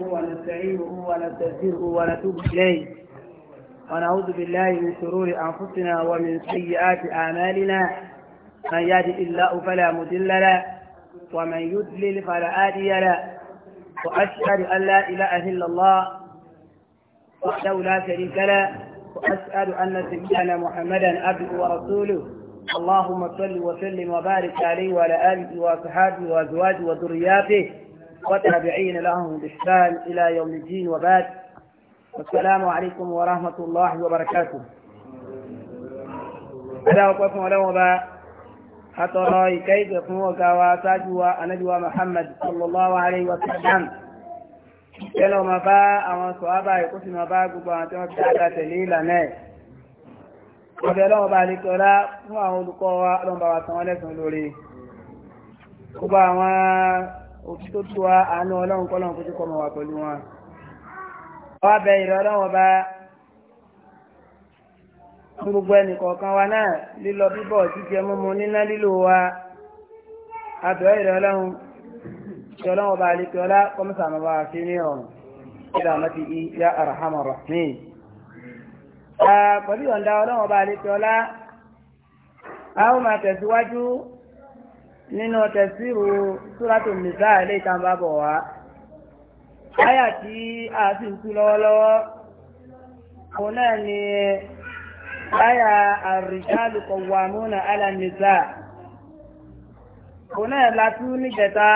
ونستعينه ونستهديه ونتوب إليه ونعوذ بالله من شرور أنفسنا ومن سيئات أعمالنا من يهد الله فلا مضل له ومن يضلل فلا هادي له وأشهد أن لا إله إلا الله وحده لا شريك له وأشهد أن سيدنا محمدا عبده ورسوله اللهم صل وسلم وبارك عليه وعلى آله وصحابه وأزواجه وذرياته وتابعين لهم بإحسان إلى يوم الدين وبعد والسلام عليكم ورحمة الله وبركاته ألا وقفنا ولا وبا أترى كيف يكون وكواتاجوا أنجوا محمد صلى الله عليه وسلم kẹlọ ma bá àwọn sọ̀hábà ìkó sì ma bá gbogbo àwọn tí wọ́n ti dáadáa tẹ̀lé ìlànà ẹ̀ ọ̀bẹ̀ ọlọ́wọ́ bá lè tọ́lá fún àwọn olùkọ́ wa ọlọ́mbà wa tàn wọ́n lẹ́sùn lórí gbogbo àwọn òbí tó tó wa àánú ọlọ́run kọ́lọ́run kó tó kọ́ mọ̀ wá pẹ̀lú wọn. ọwọ́ bẹ ìrọ̀ ọlọ́run ọba fún gbogbo ẹnìkọ̀ọ̀kan wa náà lílọ bíbọ̀ jíjẹ mímu níná lílò wa abẹ́ ìrọ̀ ọlọ́run tí ọlọ́run ọba àlekè ọlá kọ́mísà bá a fi ní ọ̀run ìdá àmọ́tí ya arhamar rahmin. pẹ̀lú ìyọ̀ǹda ọlọ́run ọba àlekè ọlá a ó máa nínú tẹ̀síru súrátù nìsá ilé ìtàǹbà bọ̀ wá áyà tí a sì ń tú lọ́wọ́lọ́wọ́ òun náà ni áyà ar-rijalu qawwamuna 'ala nìsá òun náà la tú níjẹta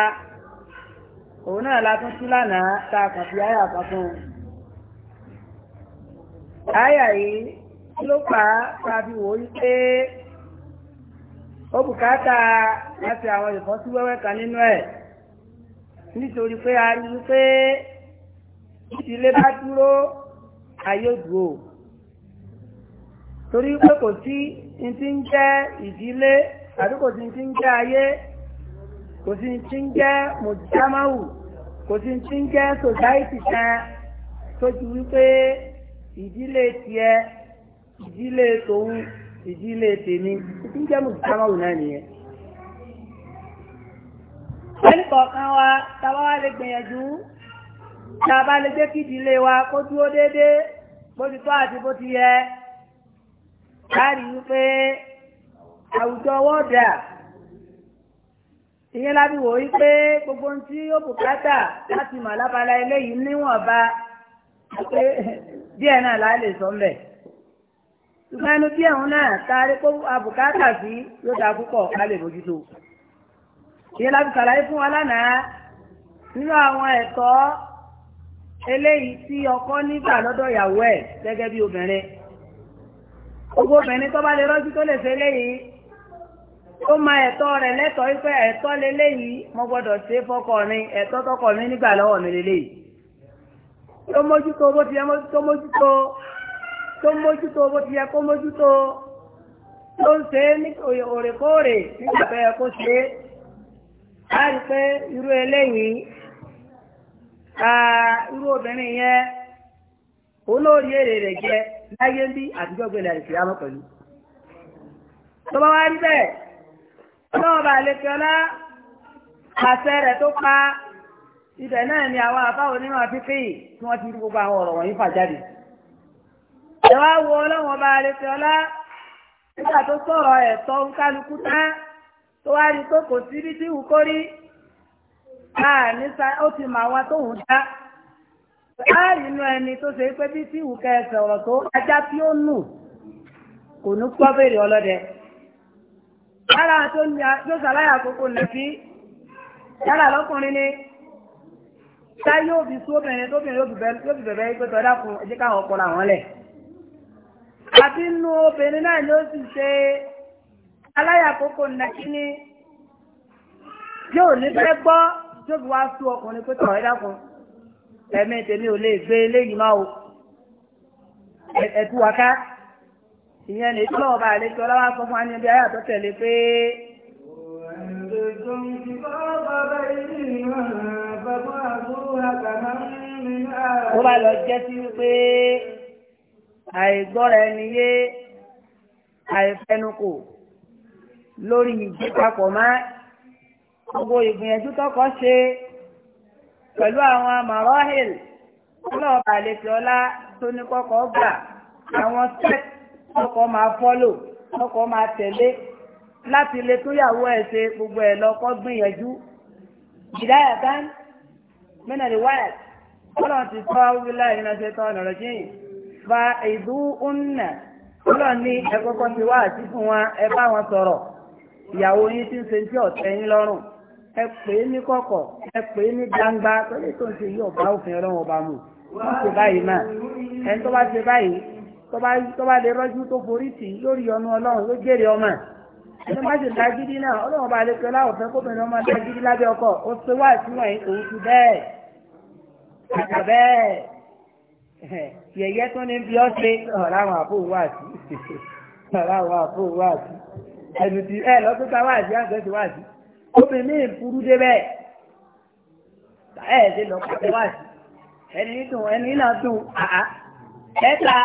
òun náà la tún tú lánàá tá a fi áyà kan fún yìí ló fà tàbí wò ó bùkátà láti àwọn ìfọ́síwẹ́wẹ́ kan nínú ẹ̀ nítorí pé a rí i pé ìdílé bá dúró ayédùó torí pé kò sí ti ń jẹ́ ìdílé àbí kò sí ti ń jẹ́ ayé kò sí ti ń jẹ́ mùjámáwù kò sí ti ń jẹ́ sòsáìtì kan tó ju wípé ìdílé tiẹ̀ ìdílé tòun ìdílé tèmi tí ń jẹ́ mùsùlùmí náà nìyẹn. ẹnì kọ̀ọ̀kan wa táwa wá lè gbìyànjú tá a bá lè jẹ́ kí ìdílé wa kó dúró déédéé bó ti tọ́ àti bó ti yẹ láàrin wípé àwùjọ wọ́ọ̀dà ìyẹn láti wò ó pé gbogbo ohun tí ó bùkátà láti mọ̀ lábala eléyìí níwọ̀nba pé díẹ̀ náà láà lè sọ mbẹ̀ ṣùgbọ́n ẹnu tí ẹ̀hún náà taari kó abùkátà sí ló dáa púpọ̀ ká lè bójútó. ìyẹn láti ṣàlàyé fún wa lánàá nínú àwọn ẹ̀tọ́ eléyìí tí ọkọ nígbà lọ́dọ̀ ìyàwó ẹ̀ gẹ́gẹ́ bí obìnrin. gbogbo obìnrin tó bá lè rọ́jú tó lè ṣe eléyìí ó ma ẹ̀tọ́ rẹ̀ lẹ́tọ̀ọ́ wípé ẹ̀tọ́ leléyìí mo gbọ́dọ̀ ṣe fọ́kọ mi ẹ̀tọ́ tọkọ mi nígbà lọ́wọ́ mi leléyìí. tó mójútó bó ti yẹ mójútó mójútó tó mójútó bó ti yẹ kó mójútó ló ń ṣe ní òrèkóòrè nígbà tó yẹ kó ṣe é á rí pé irú eléyìí irú obìnrin yẹn òun náà rí èrè rẹ̀ jẹ láyé ń bí àtijọ́ gbẹlẹ̀ àrìsí àmọ́ pẹ̀lú. tó bá wá rí bẹ́ẹ̀ náà bá lè fi ọlá àṣẹ rẹ̀ tó pa ibẹ̀ náà ni àwọn àbáwọn onímọ̀ fífi tí wọ́n ti rí gbogbo àwọn ọ̀rọ̀ wọ̀nyí fà jáde ẹ wá wo ọlọ́wọ́n bá retí ọlá nígbà tó sọ̀rọ̀ ẹ̀tọ́ nkálukú tán tó wá rí pé kò sí bí tí wù kó rí láàánú ó ti mọ àwọn tóun dá láàrin inú ẹni tó ṣe pé bí tí wù kẹsẹ̀ ọ̀rọ̀ tó ajá tí ó nù kò ní pọ́ béèrè ọlọ́dẹ yálà tó ní tó ṣàlàyé àkókò nàbí yálà lọ́kùnrin ni táyé òbí sí obìnrin tóbìnrin yóò fi bẹ̀rẹ̀ pé tọ́dá fún ẹjẹ́ káwọn ọpọlọ àwọn lẹ̀ àbí nú obìnrin náà ni ó sì ṣe aláyàkókò nàkíní yóò ní fẹ́ gbọ́ tó fi wá sú ọkùnrin pé tọ̀ ẹ́ dákun ẹ̀mí tèmi ò lè gbé eléyìí máa o ẹ̀tú wa ká ìyẹn lè tọ́ ọba àlejò ọlọ́wà sọ fún wa ní ibi ayé àtọ́tẹ̀lé pé. ó bá lọ jẹ́ sí pé àìgbọ́ra ẹni yé àìfẹnukò lórí ìgbépapọ̀ mọ́ gbogbo ìgbìyànjú tọkọ ṣe pẹ̀lú àwọn marohil ọlọ́ọ̀bà àlejò ọlá tó ní kọ́kọ́ gbà àwọn step tọkọ máa fọ́lò tọkọ máa tẹ̀lé láti lè túyàwó ẹ̀ ṣe gbogbo ẹ̀ lọ́kọ́ gbìyànjú ìdáyàtán mẹ́nà lè wáyà ọlọ́run ti wíwíláì nínú ṣe tán ọ̀nà rẹ̀ jìn fa ìdú ńnà ọlọ́run ní ẹ kọ́kọ́ ti wá àti fún wọn ẹ bá wọn sọ̀rọ̀ ìyàwó yín ti ń ṣe tí ọ̀tẹ̀ yín lọ́rùn ẹ pè é ní kọ̀kọ̀ ẹ pè é ní gbangba tó lè tó ń ṣe yí ọ̀bá òfin ọlọ́run ọba mu wọ́n ṣe báyìí náà ẹni tó bá ṣe báyìí tó bá lè rọ́jú tó forí tì í lórí ọnu ọlọ́run ló jèrè ọmọ ẹni má ṣe lágídí náà ọlọ́run ọba àlekè láwọ̀ fẹ́ kóbìnrin ọmọ lágídí lábẹ́ ọkọ̀ ó ṣe wá àtúwọ̀n yìí òun ti bẹ́ẹ̀ àgbà yẹ̀yẹ́ tó ní bí ọ́ ṣe ọ̀ráwọ̀n àfóòwàsí ọ̀ráwọ̀n àfóòwàsí ẹnu ti ẹ lọ́tún ta wáàsí àgbẹ̀sí wáàsí obìnrin mi burú débẹ̀ ẹ ṣe lọ pàṣẹ wáàsí ẹni dùn ẹni náà dùn àá ẹ̀ta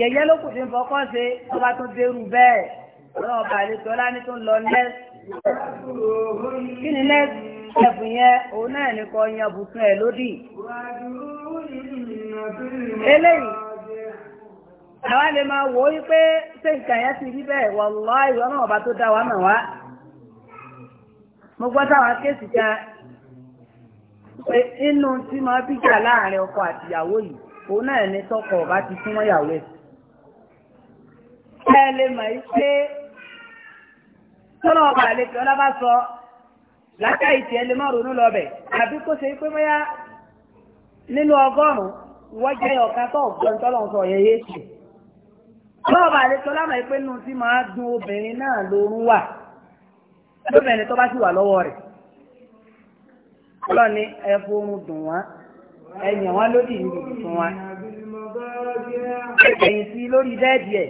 yẹ̀yẹ́ ló kù sí fọkọ́ ṣe tó bá tún dérú bẹ́ẹ̀ ọlọ́ọ̀bà àlejò ọlá ní tó ń lọ nẹ́ẹ̀sì. kí ni lẹ́ẹ̀fún yẹn òun náà ní kọ yan ẹ ẹ̀ lódì eléyìí àwa lè máa wò ó wípé ṣé nǹkan yẹn ti rí bẹ́ẹ̀ wọ̀lọ́ ìwọ náà ọba tó dá wa mọ̀ wá mo gbọ́ inú tí máa láàrin ọkọ yìí òun náà ní tọkọ ọba ti súnmọ́ ẹ lè tọ́lọ̀ ọba àlejò ọlọ́ba sọ lákà ìtì ẹ lè má ronú lọ́bẹ̀ àbí kó ṣe pé bóyá nínú ọgọ́rùn-ún wọ́n jẹ́ ọ̀ka tó ọ̀gbọ́n tọ́lọ̀ sọ yẹn yé ṣe tọ́lọ̀ ọba àlejò ọlọ́ba yìí pé nù tí máa dùn obìnrin náà lórun wà lóbìnrin tó bá sì wà lọ́wọ́ rẹ̀ ọlọ́ni ẹ fóorun dùn wá ẹ̀yìn wọn lódì níbi tuntun wa ẹ̀yìn sí lórí bẹ́ẹ̀dì ẹ̀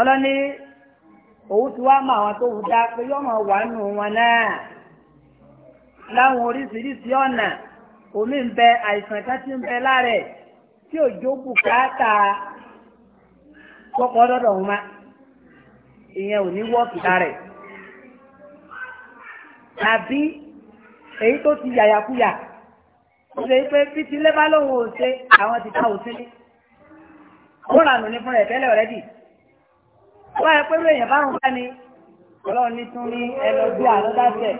ọlọ́ni. òun ti wá mọ àwọn tó wù dá pé yọmọ wà nù wọn náà láwọn oríṣiríṣi ọ̀nà omi ń bẹ àìsàn kan ti ń bẹ láàrẹ̀ tí òjò bùkátà kọ́kọ́ dọ́dọ̀ wọn má ìyẹn ò ní wọ́ọ̀kì tàbí èyí tó ti yàyàkuyà ṣe pé títí lébá lóhùn ò ṣe àwọn ti ká òṣèlú ó rànù ní wọ́n yẹ pé lóyìn bá ń bá ní ọlọ́run ní tún ní ẹlọ́gbé àlọ́dásẹ̀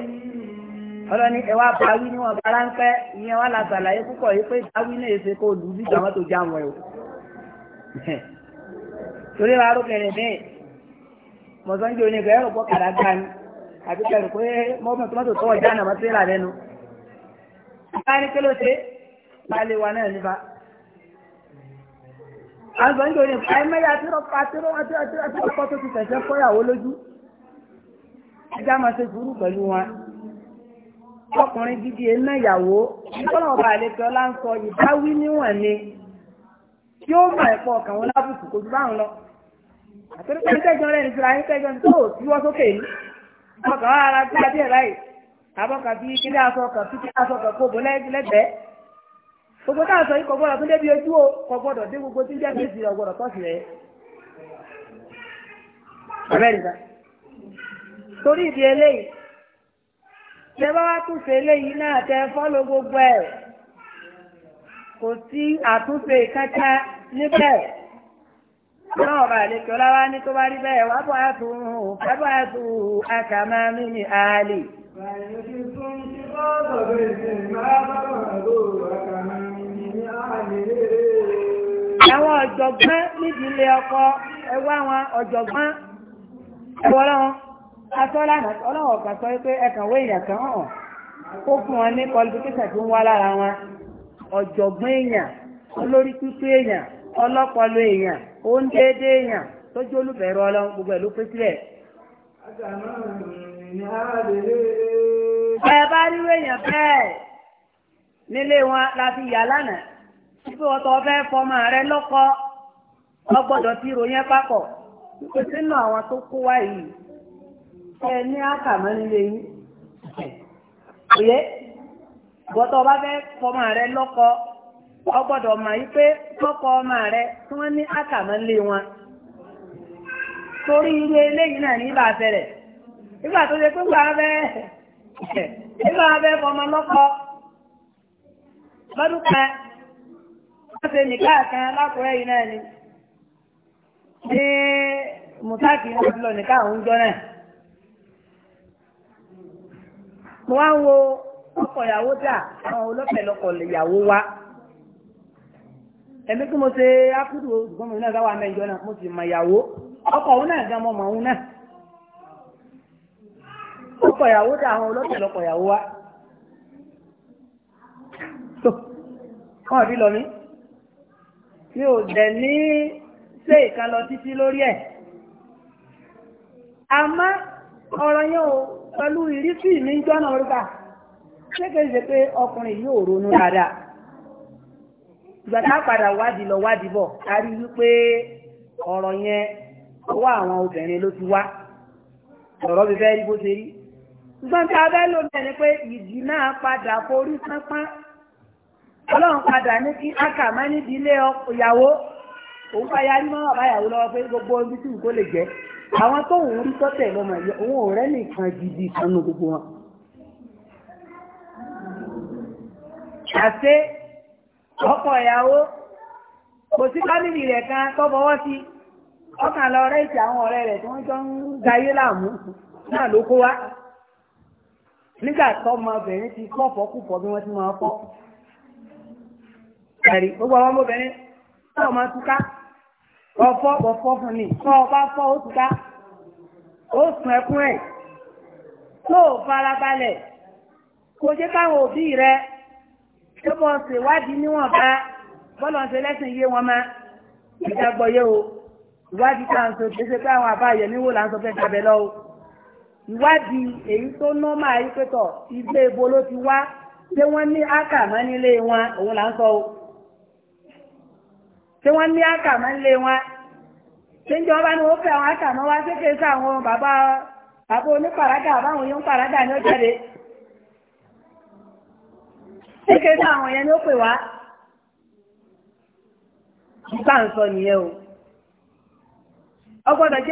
ọlọ́run ní ẹwà báwí níwọ̀n bá ráńpẹ́ ìyẹn wà lásàlàyé púpọ̀ yìí pé báwí náà ṣe kó lù bí ìjàmọ́ tó já wọn o torí wa arúgbìnrin bẹ́ẹ̀ mọ̀sán jẹ́ onígbà ẹ̀rọ pọ̀ kàrà gbá ni àti kẹrù pé mọ́mọ́ tó mọ́tò tọwọ́ já náà mọ́ àgbọ̀n yóò ní àìmọye àtúrọ̀ àtúrọ̀ àtúrọ̀ pọ̀ tó ti tẹ̀sẹ̀ fọ́yàwó lójú ẹjá máa ṣe sùúrù pẹ̀lú wọn ọkùnrin gidi ẹ̀ná ìyàwó ìtọ́nà ọba àlejò ọlá ń sọ ìbáwí níwọ̀n ni tí ó mọ̀ ẹ̀pọ̀ ọkàn wọn lábùkù kò ju báwọn lọ àtúrọ̀ pẹ̀lú kẹjọ rẹ̀ nítorí ayé kẹjọ tó ò sí wọ́n sókè yìí ọkàn wọn ara gbé adé ẹ̀ láì àbọ̀kà bíi kílé aṣọ ọkàn bíi kílé aṣọ ọkàn kó bọ́ lẹ́gbẹ̀ẹ́ gbogbo táà sọ yìí kò gbọ́dọ̀ tó débi ojú o kò gbọ́dọ̀ dé gbogbo tí ń jẹ́ fèsì rẹ̀ gbọ́dọ̀ tọ́sí rẹ̀ abẹ́rìndà torí ìdí eléyìí tẹ bá wá túnṣe eléyìí náà tẹ fọ́lọ́ gbogbo ẹ̀ kò sí àtúnṣe kankan níbẹ̀ náà bá lè tọ́lá ní tó bá rí bẹ́ẹ̀ wá bọ́ àtúnhùn wá bọ́ àtúnhùn àkàmá mi ní àálì. Bàyọ̀ ti fún ṣíkọ́ ọ̀gbìn ìgbà bá wà lóòrùn àwọn ọ̀jọ̀gbọ́n nídìí ilé ọkọ ẹwà àwọn ọ̀jọ̀gbọ́n ẹwọ́lọ́wọ́n asọ́lànà ọlọ́wọ́ kan sọ kan hàn ó fún wọn ní qualification tó ń wá lára wọn ọ̀jọ̀gbọ́n èèyàn olórí tútù èèyàn ọlọ́pọlọ èèyàn oúnjẹ́dẹ́ èèyàn tó jẹ́ olùbẹ̀rù ọlọ́run gbogbo ẹ̀ ló pé sílẹ̀. ẹ bá ibi ọtọ tó fẹ́ fọmọ rẹ lọkọ ọgbọ́dọ̀ ti ròyìn papọ̀ pípé sínú àwọn tó kó wá yìí ní àkàmọ́ nílé yín òye fẹ́ fọmọ rẹ ọgbọ́dọ̀ yí pé ọmọ rẹ tí wọ́n ní àkàmọ́ nílé wọn torí irú eléyìí náà ní ibà bẹ̀rẹ̀ nígbà tó ṣe pé gbà bẹ́ẹ̀ nígbà fọmọ wọ́n ṣe nìkan kan lákùrẹ́ yìí náà ni ní mùtáàkì náà lọ nìkan àwọn náà mo wá ń wo ọkọ̀ ìyàwó dà àwọn wa ẹ̀mí kí mo ṣe ákúrò ṣùgbọ́n mi náà wa mẹ́jọ náà mo sì mọ ìyàwó ọkọ̀ òun náà gan òun náà ọkọ̀ ìyàwó dà àwọn ìyàwó wa. Wọ́n lọ mí. mi ò dẹ̀ ní ṣe ìkan lọ títí lórí ẹ̀ àmọ́ ọ̀rọ̀ yẹn o pẹ̀lú ìrísí mi ń jọ́nà orúkà ṣé kìí ṣe pé ọkùnrin yóò ronú dáadáa ìgbà tá a padà wádìí lọ wádìí bọ̀ a rí wípé ọ̀rọ̀ yẹn ọwọ́ àwọn obìnrin ló ti wá ọ̀rọ̀ bí fẹ́ rí bó ṣe rí ṣùgbọ́n tí a bẹ́ lómi ẹ̀ ni pé ìdí náà padà forí sápá ọlọ́run padà ní kí ákà má níbi ilé ìyàwó òun bá yarí mọ́ bàbá ìyàwó lọ́wọ́ pé gbogbo ibi tí nǹkó lè jẹ́ àwọn tó ń rí tọ́tẹ̀ lọ́mọ yìí òun ò rẹ́ nìkan gidi kanú gbogbo wọn. àṣé ọkọ̀ ìyàwó kò sí fámìlì rẹ̀ kan tó bọ́wọ́ sí ọkàn lọ rẹ́ ìtì àwọn ọ̀rẹ́ rẹ̀ tí wọ́n jọ ń dayé láàmú náà ló kó wá nígbà tọ́mọbìnrin ti kọ́ fọ́kùfọ́ bí wọ́n ti máa fọ́ ẹ̀rí gbogbo àwọn ọmọbìnrin náà máa túká ọ̀fọ́ ọ̀fọ́ fún ni kọ́ ọ bá fọ́ ó túká ó sùn ẹkún ẹ̀ tó o farabalẹ̀ kò jẹ́ káwọn òbí rẹ tó bọ́ ṣèwádìí níwọ̀nba bọ́lọ̀ ṣe lẹ́sìn yé wọn má ìjàgbọ́ yé o ìwádìí tá sọ kì ṣe pé àwọn àbá àyẹ̀mí wò là ń sọ fẹ́ jábẹ́ lọ o ìwádìí èyí tó ná máa yí pé tọ̀ ilé ibo ló ti wá ṣé wọ́n ní ákàmọ́ nílé wọn òun là ń sọ o. tí wọn ní àkàmọ́ ń lé wọn tí ń jọ bá ní wọ́n fẹ́ àwọn àkàmọ́ wá sékè àwọn bàbá bàbá onípàrádà báwọn yóò ń pàrádà ní ó jáde sékè àwọn yẹn ní ó pè wá nípa ń sọ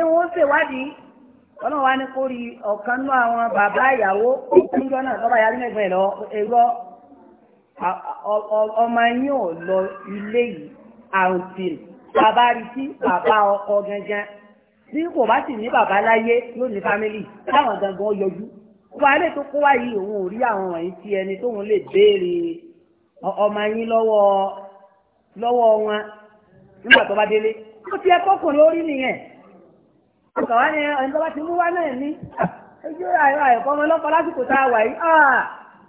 o ṣèwádìí ní kó rí nú àwọn bàbá ìyàwó náà ọmọ yín ò lọ ilé àǹtìl bàbá rí sí bàbá ọkọ gangan bí kò bá sì ní bàbá láyé yóò ní fámìlì táwọn gangan yọjú wà á lè tó kó wáyé òun ò rí àwọn wọ̀nyí tí ẹni tóun lè béèrè ọmọ yín lọ́wọ́ lọ́wọ́ wọn nígbà tó bá délé ó ti ẹkọ́ kò lórí nìyẹn ọkọ̀ wá ní ẹni tó bá ti mú wá náà ní ojú àìrọ̀ ọmọ ọlọ́pàá lásìkò tá a wà yìí ah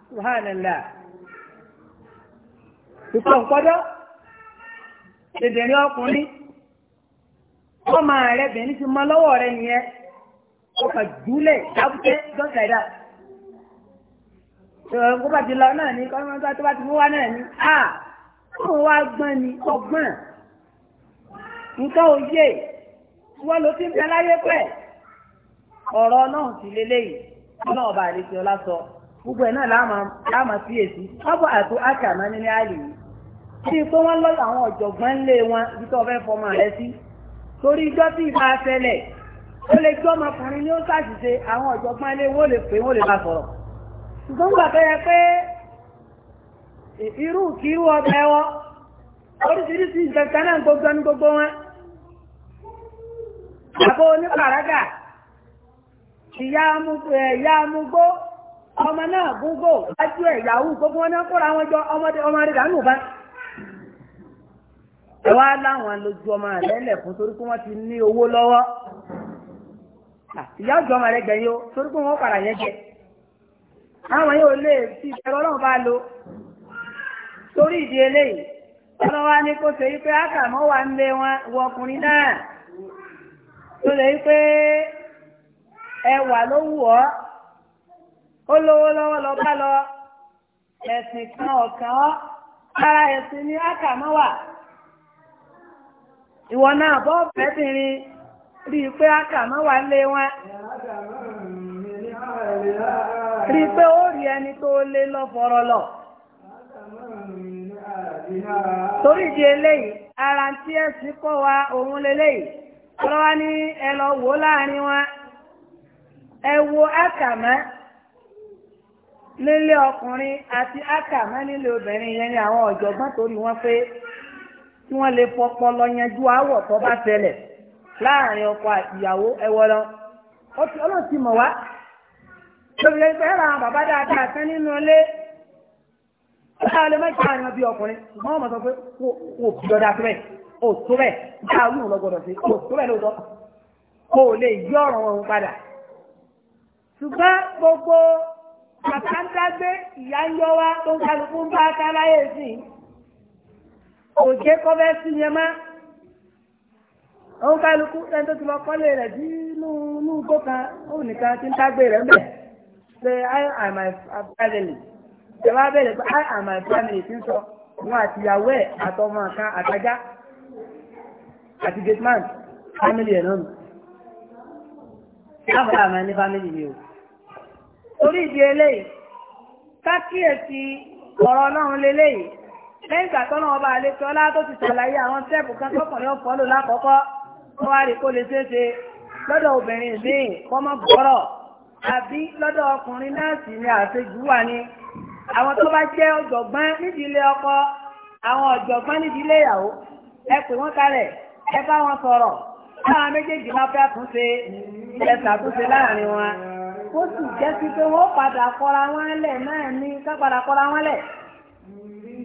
subhanallah ìfọ̀nkọ́jọ́. bèbèrè ọkùnrin wọ́n máa rẹ bẹ̀rẹ̀ ti mọ lọ́wọ́ rẹ nìyẹn ó kà júlẹ̀ dábùtẹ́ just like bá ti lọ náà ni kọ́ńtà tó bá ti mú wá náà ni à kó wá gbọ́n ni ọgbọ́n nǹkan òye wọ́n ló fi ń bẹ láyé ọ̀rọ̀ náà sì bá ọlá sọ gbogbo ẹ̀ náà láàmà fíyèsí ọ̀bọ̀ àkàmọ́ nílé àlè tí pé wọ́n lọ́yọ̀ àwọn ọ̀jọ̀gbọ́n ńlé wọn ibi tó fẹ́ fọmọ rẹ sí torí ijọ́ tí ìbá ṣẹlẹ̀ ó lè gbé ọmọkùnrin ní ó ṣàṣìṣe àwọn ọ̀jọ̀gbọ́n ilé wọ́n lè pè wọ́n lè bá sọ̀rọ̀ ṣùgbọ́n gbà tó yẹ pé irú kírú ọbẹ̀ oríṣiríṣi ìjẹta náà gbogbo ní gbogbo wọn àbó oníkàràgà gbogbo wọn náà kóra wọn jọ ẹ wá láwọn lójú ọmọ rẹ lẹ́kùn torí wọ́n ti ní owó lọ́wọ́ ìyá ọjọ́ ọmọ rẹ gbẹ̀yìn o torí wọ́n padà yẹn jẹ àwọn yóò lè fi ìfẹ́ ọlọ́run bá lo torí ìdí eléyìí ọlọ́wà ní kó ṣe wípé ákàmọ́ wà ń lé wọ ọkùnrin náà tó lè wípé ẹwà ló lọ bá lọ ẹ̀sìn kan ọ̀kan ọ́ ara ẹ̀sìn ní ìwọ náà bọ́ọ̀bẹ̀bìnrin rí i pé ákà mọ́ wà lé wọn rí i pé ó rí ẹni tó lé lọ torí di eléyìí ara tí ẹ̀sìn kọ́ wa òun leléyìí lọ́wọ́ ní ẹ lọ wò láàrin wọn ẹ wo ákà nílé ọkùnrin àti ákà nílé obìnrin yẹn ni àwọn kí wọ́n lè fọpọlọ yanjú àwọ̀ tó bá ṣẹlẹ̀ láàrin ọkọ ìyàwó ẹwọ́ lọ. ọlọ́run ti mọ̀ wá lóbìnrin ẹgbẹ́ ra àwọn bàbá dáadáa kan nínú ilé ọlọ́run lè mẹ́ta àrùn bí ọkùnrin ṣùgbọ́n wọ́n sọ pé kò bí ọ̀dà tó bẹ́ẹ̀ ò tó bẹ́ẹ̀ bá a lọ́gbọ̀dọ̀ sí ò tó bẹ́ẹ̀ lóòótọ́ kò lè yí ọ̀rọ̀ wọn padà. ṣùgbọ́n gbogbo bàbá ń dágbé ìyá ń yọ wá tó ń kálukú ń bá kò jẹ́ sí yẹn má òun kálukú ẹni tó ti lọ kọ́lé rẹ̀ bí inú igbó kan òun nìkan ti ń tágbé rẹ̀ mbẹ̀ pé I am my family ṣe wá bẹ̀rẹ̀ pé I am my family ti ń sọ wọn àti ìyàwó ẹ̀ àtọmọ kan àtajá àti gateman family ẹ̀ náà nù. láàbùrọ̀ àmọ́ ẹni family mi o. orí ìdí eléyìí ká kíyèsí ọ̀rọ̀ náà lélẹ́yìí lẹ́yìn ìgbà tọ́nà ọba àlejò ọlá tó ti ṣàlàyé àwọn sẹ́ẹ̀pù kan tọkùnrin ọ̀pọ̀ lò lákọ̀ọ́kọ́ wọ́n wá rí kó lè ṣeéṣe lọ́dọ̀ obìnrin míì kọ́mọ́ bọ́rọ̀ àbí lọ́dọ̀ ọkùnrin náà sì ni àṣejù wà ní. àwọn tó bá jẹ́ ọ̀jọ̀gbọ́n nídìí ilé ọkọ àwọn ọ̀jọ̀gbọ́n nídìí ilé ìyàwó ẹ pè wọ́n kalẹ̀ ẹ bá wọn sọ̀rọ̀ láwọn méjèèjì máa fẹ́ àtúnṣe ẹ ṣàtúnṣe láàrin wọn. ó sì jẹ́ sí pé wọ́n padà kọ́ra wọn lẹ̀ náà ní ká padà kọ́ra wọn lẹ̀.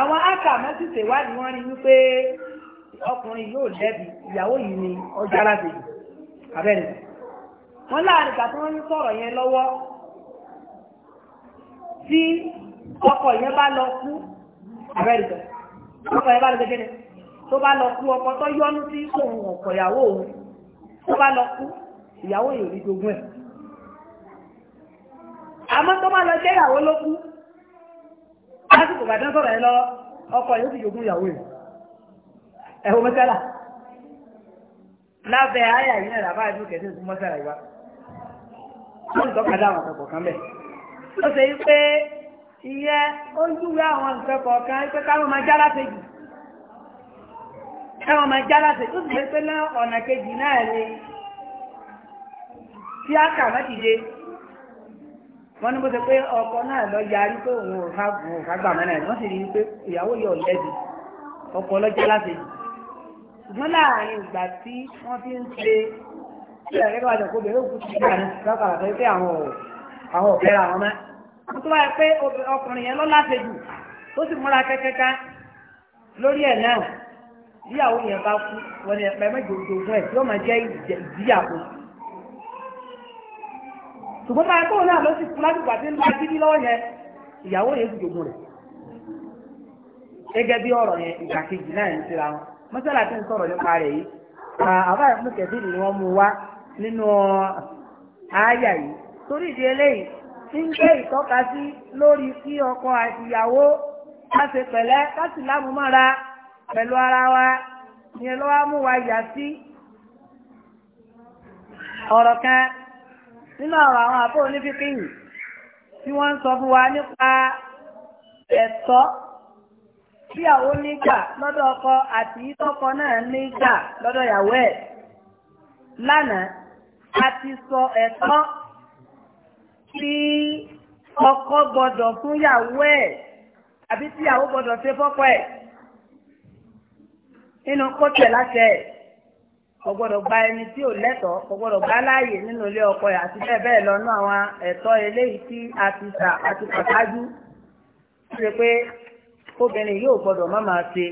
àwọn ákà mẹ́sìsì ìwádìí wọ́n rí wípé ọkùnrin yóò lẹ́bi ìyàwó yìí ni ọjà alábẹ̀yì abẹ́rẹ́ wọ́n láàrin ìgbà tí wọ́n ń sọ̀rọ̀ yẹn lọ́wọ́ tí ọkọ yẹn bá lọ kú abẹ́rẹ́ ìgbà ọkọ yẹn bá lọ gẹ́gẹ́ tó bá lọ kú ọkọ tó yọnu sí òun ọ̀pọ̀ ìyàwó òun tó bá lọ kú ìyàwó yìí ò ní jogún ẹ̀ àmọ́ tó bá lọ jẹ́ ìyàwó ló kú lásìkò bàtẹ́ sọ̀rọ̀ ẹ lọ ọkọ yóò sì jogún ìyàwó rẹ̀ ẹ̀họ́ mẹ́tẹ́là lábẹ́ àyà yìí náà bá ẹ̀dùn kẹ̀sí ìkú mọ́sára ìwá wọ́n ń tọ́ka dáhùn ọ̀sẹ̀ kọ̀ọ̀kan bẹ̀. ó ṣe yí pé ìyẹn ó júwe àwọn nǹkan kọ̀ọ̀kan pé káwọn máa já látẹ̀jù káwọn máa já látẹ̀jù ó sì lè pé náà ọ̀nà kejì náà rè tí a kà mọ́ wọ́n ní bó ṣe pé ọkọ náà lọ yarí pé òun ò ká gùn òun ká gbà mọ́ náà wọ́n sì rí i pé ìyàwó yọ̀ lẹ́bi ọkọ ọlọ́jà láti yìí ṣùgbọ́n láàrin ìgbà tí wọ́n fi ń ṣe ilẹ̀ rẹ̀ wà lọ́kọ̀ obìnrin òkú ti gbà ní lọ́kàlà tó pé àwọn àwọn ọ̀fẹ́ ra wọn mọ́. wọ́n tó wáyé pé ọkùnrin yẹn lọ láti jù tó sì múra kẹ́kẹ́ká lórí ẹ̀ náà ìyàwó yẹn bá kú wọn ni ẹ̀pẹ́ mẹ́jọ ṣùgbọ́n báyìí tó náà ló sì fún láti pàdé ńlá yẹn ìyàwó yẹn ti jogún rẹ̀ gẹ́gẹ́ bí yẹn ìgbà kejì náà ń síra wọn mọ́sálà ń sọ̀rọ̀ nípa rẹ̀ yìí àbá kẹ̀sí ni wọ́n mú wá nínú yìí torí ìdí eléyìí tí ń gbé ìtọ́ka sí lórí kí ọkọ àti ìyàwó ṣe pẹ̀lẹ́ sì ara wa ìyẹn mú wa yà nínú ọ̀rọ̀ àwọn àbó onífíkìhì tí wọ́n ń sọ fún wa nípa ẹ̀tọ́ tíyàwó nígbà lọ́dọ̀ ọkọ àti ìtọ́kọ náà nígbà lọ́dọ̀ ìyàwó ẹ̀ lánàá a ti sọ ẹ̀tọ́ tí ọkọ gbọdọ̀ fún ìyàwó ẹ̀ àbí kò gbọ́dọ̀ gba ẹni tí ò lẹ́tọ̀ọ́ kò gbọ́dọ̀ gba láàyè nínú ilé ọkọ ẹ̀ àti bẹ́ẹ̀ bẹ́ẹ̀ lọ́nú àwọn ẹ̀tọ́ eléyìí tí a ti sà àti pàtájú ṣe pé obìnrin yóò gbọ́dọ̀ má máa ṣe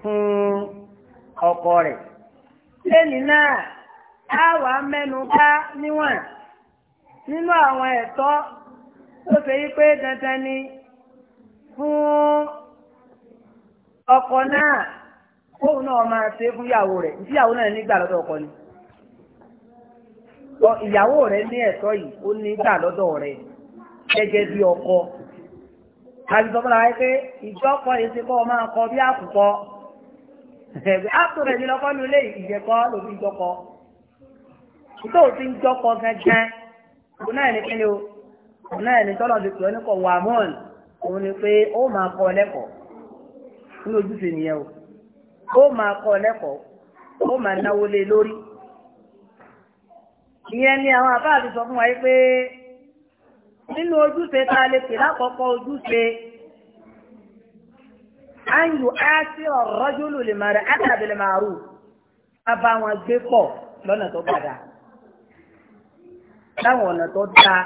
fún ọkọ rẹ̀. lẹ́ni náà á wà mẹ́nu bá níwọ̀n nínú àwọn ẹ̀tọ́ tó ṣe yí pé dandan ni fún ọkọ náà. kóun náà máa ṣe fún ìyàwó rẹ̀ ní ìyàwó náà nígbà lọ́dọ̀ ọkọ ni ìyàwó rẹ̀ ní ẹ̀tọ́ yìí ó nígbà lọ́dọ̀ rẹ̀ gẹ́gẹ́ bí ọkọ àbìsọ̀bọ̀lá wáyé pé kọ bí àkùkọ ẹ̀gbẹ́ ápò rẹ̀ ní lọ́kọ́ ní ilé ìjẹ́kọ́ ló fi jọkọ o ti ń jọkọ gẹ́gẹ́ òun náà o ó máa kọ́ lẹ́kọ̀ọ́ ó máa náwó lé lórí ìyẹn ni àwọn àbáàbí sọ fún wa pé nínú ojúṣe tá a lè pè lákọ̀ọ́kọ́ ojúṣe anyu aasi ọ̀rọ̀júlù lè máa rẹ̀ átàbílẹ̀ máa rù a bá wọn gbé pọ̀ lọ́nà tó padà láwọn ọ̀nà tó dáa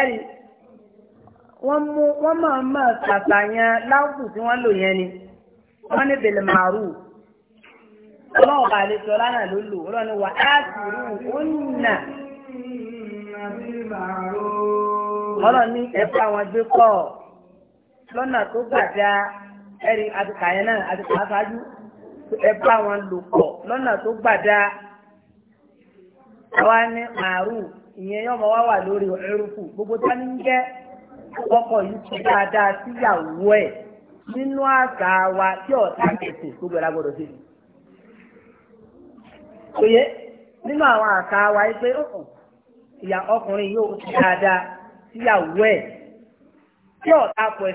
ẹ̀rí wọ́n máa máa ṣàṣàyàn láwùjọ tí wọ́n lò yẹn ni. wọ́n ní bèlè màrú ọlọ́run bá lè sọ lánàá ló lò wà á sì rú ònà ẹ̀fọ́ àwọn kọ́ lọ́nà tó gbàjá ẹ̀rí àtìkàyẹ́ náà àtìkàyẹ́ ṣáájú ẹ̀fọ́ àwọn lò lọ́nà tó gbàjá àwa ní màrú ìyẹn yóò wá wà lórí ẹrùkù gbogbo tá ní ń jẹ́ ọkọ̀ yìí dáadáa síyàwó ẹ̀. nínú àṣà wa tí ọ̀tá kẹsì gbogbo ẹ̀rọ agbọ́dọ̀ sí. Òye nínú àwọn àṣà wa yìí yóò ti dáadáa síyàwó ẹ̀ tí ọ̀tá pọ̀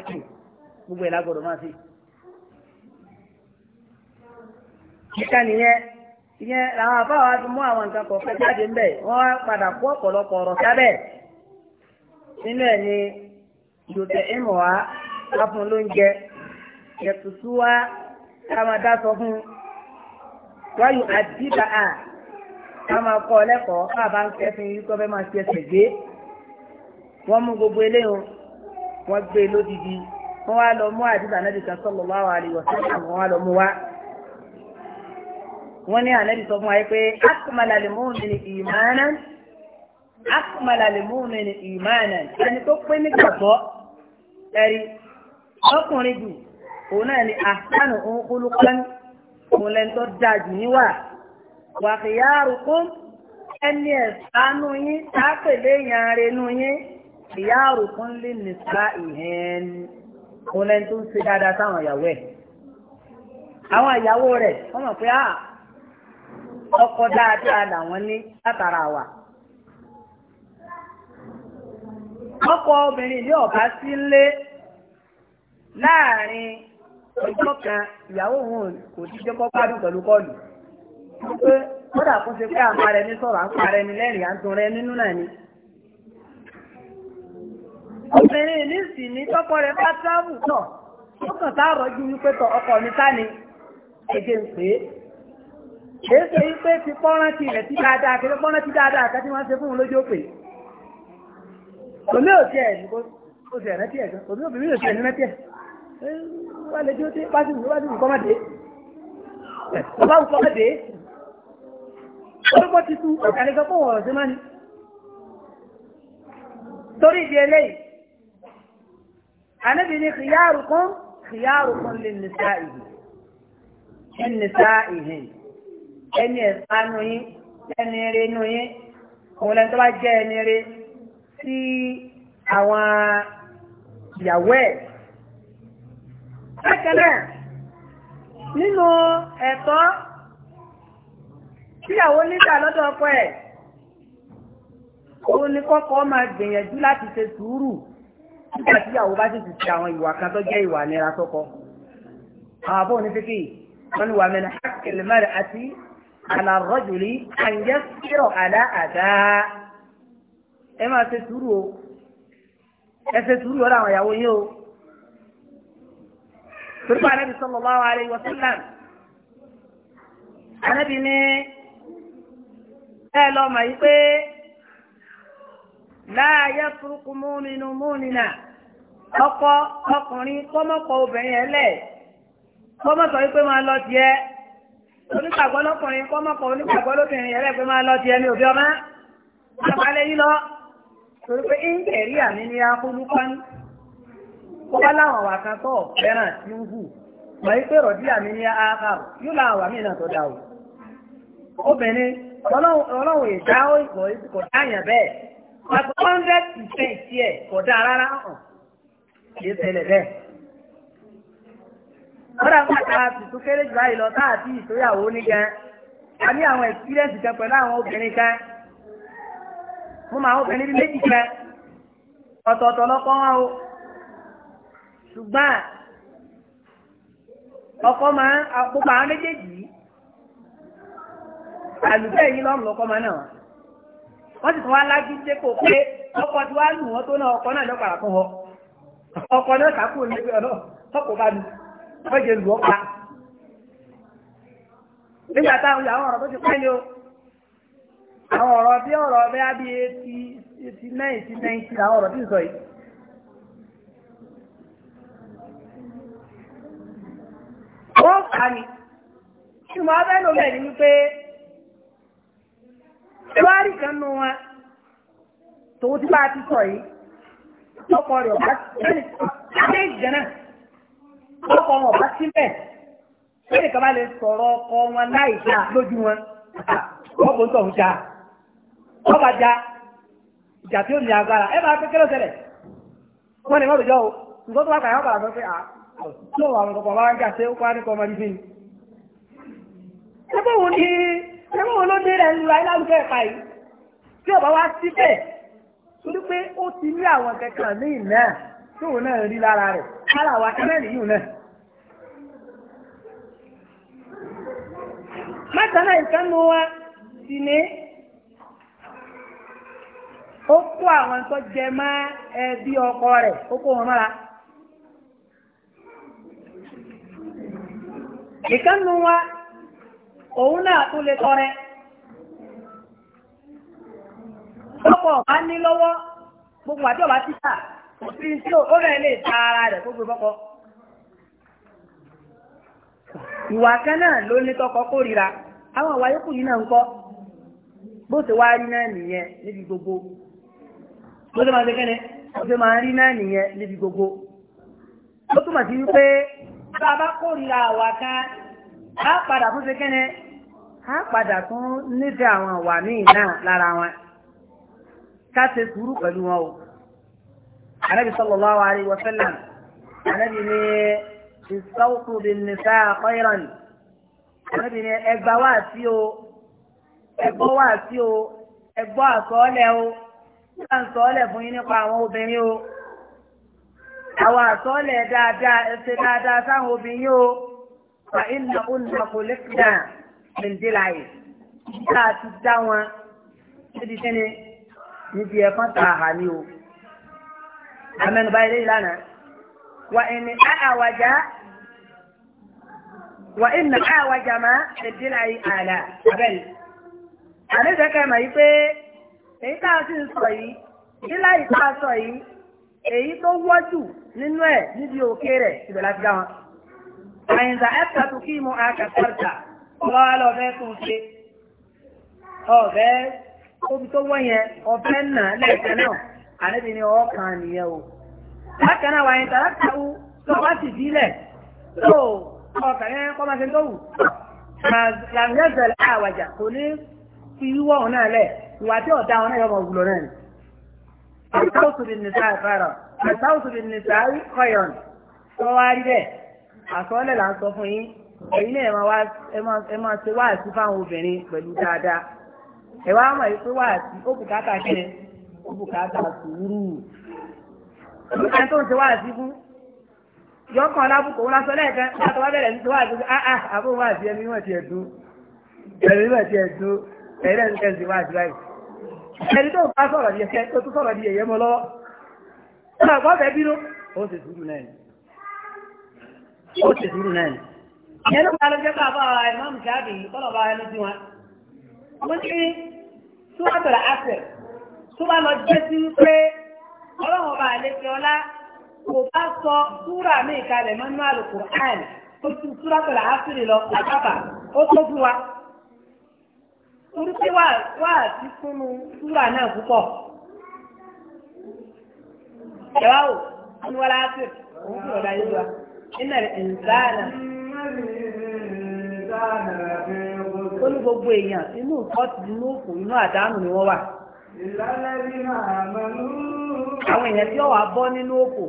gbogbo máa sí. nìyẹn làwọn ti mú àwọn nǹkan kọ̀ọ̀kan ẹ̀tùtù wa ká máa dá sọ fún wáyù àdìbà à ká máa kọ́ lẹ́kọ̀ọ́ ká bá ń kẹ́sìn yìí kọ́ fẹ́ máa ṣe ẹsẹ̀ gbé wọ́n mú gbogbo eléyìí wọ́n gbé e lódìdí wọ́n wá lọ mú àdìbà ànábì kan sallallahu alaihi wasallam wọ́n wá lọ mú wá. wọ́n ní ànábì sọ fún wa pé akmala lil mu'mini imanan akmala lil mu'mini imanan ẹni tó pé nígbàgbọ́ ẹ̀rí ọkùnrin jù òun náà ni àsánù òun lẹ́ni tó dáa jù níwà wàkìyàrùkún ẹni ẹ̀sánú yín tápèlé yàn yín ìyàrùkún lè ń ṣe dáadáa sáwọn ìyàwó ẹ̀ àwọn ìyàwó rẹ̀ dáadáa làwọn ní látara wa. ọkọ obìnrin ní ọ̀bá sí ọjọ́ kan ìyàwó òun kò ti jẹ́ kọ́ gbádùn pẹ̀lú kọ́ọ̀lù pé kódà kó ṣe pé àmà rẹ ní sọ̀rọ̀ àǹfà rẹ ní lẹ́rìn àǹtún rẹ nínú náà ni. obìnrin ní sì ní tọ́kọ rẹ bá tíráàbù tọ̀ ó kàn tá àrọ́jú wípé tọ ọkọ mi ká ni èdè ń pè é. kìí ṣe wípé ti pọ́nrántì rẹ̀ ti dáadáa kí ló pọ́nrántì dáadáa kí wọ́n ṣe fún un lójú òpè. òní ò tiẹ̀ ní kó ṣe ẹ̀rẹ́tì ẹ̀ wọ́n lè dúró dé bá ti wù bá ti wù kọ́ má dé bàbá wù kọ́ má dé orúkọ titun ọ̀kàlẹ́gbẹ́ fún ọ̀rọ̀ sí máa ní torí ìdí eléyìí àníbi ní khiyarukum khiyarukum lin nisa'ihi lin nisa'ihi ẹni ẹ̀sánú yín ẹni eré inú yín òun lẹ́nu tó bá jẹ́ ẹni eré sí àwọn ìyàwó ẹ̀ bákan náà nínú ẹ̀tọ́ tíyàwó nígbà lọ́dọ̀ ọkọ ẹ̀ òun ni kọ́kọ́ máa gbìyànjú láti ṣe sùúrù nígbà tíyàwó bá sì ti ṣe àwọn ìwà kan tó jẹ́ ìwà nira sọ́kọ. àwọn àbọ̀ ní fífi wọn ni wà mẹ́rin hákìlì mẹ́rin àti àlàrọ́jùlí àǹjẹ́ sírọ̀ àdá àdá. ẹ máa ṣe sùúrù o ẹ ṣe sùúrù lọ́dọ̀ àwọn ìyàwó yín o torí pa anabi sallallahu alayhi wa sallam anabi ní ẹ lọ mọ̀ yí pé láàyè furukú múninu múnina ọkọ ọkùnrin kọ́mọ́kọ obìnrin ẹ lẹ̀ kọ́mọ́sọ yí pé máa lọ tiẹ̀ onígbàgbọ́ lọ́kùnrin kọ́mọ́kọ onígbàgbọ́ lóbìnrin ẹ lẹ̀ pé máa lọ tiẹ̀ ní òbí ọmọ àpálẹ́ yí lọ torí pé ń tẹ̀rí àmì ní akólúkọ́ni. kọ́kọ́ láwọn wà kan tó fẹ́ràn tí ń hù mọ̀ yí rọ̀dí àmì ní áhà yóò láwọn wà tó dà obìnrin ọlọ́run ìdá ìkọ̀ dáyàn bẹ́ẹ̀ pàtó hundred percent tiẹ̀ kò dá rárá hàn kéré jù lọ ìtòyàwó ní gan a ní àwọn experience kan pẹ̀lú àwọn kan mo máa obìnrin méjì kan ọ̀tọ̀ọ̀tọ̀ lọ́kọ́ o. ṣùgbọ́n ọkọ máa àpòpọ̀ àwọn méjèèjì àlùfẹ́ yìí lọ́rùn lọ́kọ́ máa náà wọ́n sì tún wá lájú dépò pé ọkọ̀ tí wá lù wọ́n tó náà ọkọ̀ náà lọ́ fún ọkọ̀ náà bá lù nígbà táwọn yàrá ọ̀rọ̀ tó ti pẹ́ ni ká ni ṣùgbọ́n abẹ́ ló wípé kan ti bá a ti sọ yìí ọkọ rẹ̀ ọba ọkọ wọn ọba sílẹ̀ lẹ́yìn kan bá lè sọ̀rọ̀ ọkọ wọn láì dá lójú wọn ọkọ̀ ń já ọba já ìjà tí ó ní agbára ẹ bá pé lè o tó wá kàyà tó àwọn ọ̀pọ̀ bá ń ó parí kọmọ níbi ẹgbẹ́ òun ni ló dé rẹ̀ ń lọ tí ọba wá torí pé ó ti ní àwọn kẹkàn ní tóun náà rí lára rẹ̀ lára wa náà. mẹ́ta náà wa sì ní ó kó àwọn tó jẹ ọkọ rẹ̀ ó kó wọn ìkánu wa òun náà tún lè tọrẹ gbogbo àti ọ̀bá títà òfin tí ó rẹ̀ lè ta ara gbogbo bọ́kọ. ìwà kan náà ló ní tọkọ kórìíra àwọn ìwà yòókù yìí náà ń bó wá rí náà nìyẹn níbi gbogbo bó ṣe máa rí náà nìyẹn níbi gbogbo ó túmọ̀ sí wípé bá bá kórìíra àwà kan á padà fún ṣe kẹ́ni á padà tún nífẹ̀ẹ́ àwọn àwà míì náà lára wọn ká ṣe sùúrù pẹ̀lú wọn o anabi sallallahu alayhi wa sallam anabi ni ìsọ́kù bí nìfà khayran anabi ni ẹgbà wá sí o ẹgbọ́ wá sí o ẹgbọ́ àsọ́ọ́lẹ̀ o nígbà ń fún yín nípa àwọn obìnrin o àwọn àsọ́ọ̀lẹ̀ dáadáa ẹsẹ̀ dáadáa sáwọn obìnrin o fa iná ònà kò lẹ́kìnà mẹ́ndéláyè tá a ti dá wọn níbi kíni níbi ẹ̀fọn tá a hà ní o. amẹnubá ilé ìlànà wa ẹni àwàjá wa iná àwàjá má mẹ́ndéláyè àlà abẹ́lẹ̀. àlejòkè mọ̀ yìí pé èyí tá a sì ń sọ yìí níláyìí tá a sọ yìí èyí tó wọ́jù nínú ẹ̀ níbi òkè rẹ̀ ibẹ̀ láti dá wọn. àyìnzà ẹ̀ka tó kí mu akàtàkà lọ́wọ́ lọ fẹ́ tún ṣe ọ̀fẹ́ omi tó wọ́ yẹn ọ̀fẹ́ nà lẹ́ẹ̀kan náà àníbi ni ọkàn nìyẹn o. bákan náà wàyìn tàràkà wù tó bá sì dílẹ̀ tó ọkàn yẹn kọ́ máa ṣe tó wù. làmúyẹ̀sẹ̀ àwàjà kò ní fi wíwọ́ ọ̀hún náà lẹ̀ ìwà tí ọ̀dà ọ̀hún àtàwùsù bíi nìsàárì kọyọ̀n tó wá rí bẹ́ẹ̀ àsọ́ọ́lẹ̀ là ń sọ fún yín èyí náà ẹ máa ṣe wáàsí fáwọn obìnrin pẹ̀lú dáadáa ẹ wá mọ̀ pé wáàsí ó bùkátà kẹ́ni ó bùkátà sùúrù ẹni tó ń ṣe wáàsí fún yọkàn lábùkù wọn lásán lẹ́ẹ̀kan látọ̀ wá bẹ̀rẹ̀ nítorí ah áá ah, àbúrò wáàsí ẹni wọ́n ti ẹ̀dùn ẹni wọ́n ti ẹ̀dùn ẹ̀rẹ́ ń tẹ̀sí wáàsí báyìí ẹni tó bá sọ̀rọ̀ di ẹ̀kẹ́ tó tún sọ̀rọ̀ di ẹ̀yẹ́mọ́ lọ́wọ́ ọmọ àgbọ̀ fẹ́ bínú ó sì dúró náà ni ó sì dúró náà ni ìyẹn ló parí jẹ́ káàbọ̀ àwọn imam jáde kọ́nà bá ẹnu sí wọn mo ní tí wọ́n bẹ̀rẹ̀ àṣẹ tó bá lọ jẹ́ sí pé ọlọ́run ọba àlejò ọlá kò bá sọ súrà mi ìkalẹ̀ mọ́nú àlùkò àìní ó ti súrà pẹ̀lú àṣírí lọ àbábà ó tó fún wa. Orúkẹ́ wà wà àti fúnnu súrà náà púpọ̀. jawabu an wala asir hukun ọhụrụ ina da insana gbogbo èèyàn inú ìkọ́tù inú òkú inú àdánù ni wọn wà. àwọn èèyàn tí ó wà bọ́ nínú òkú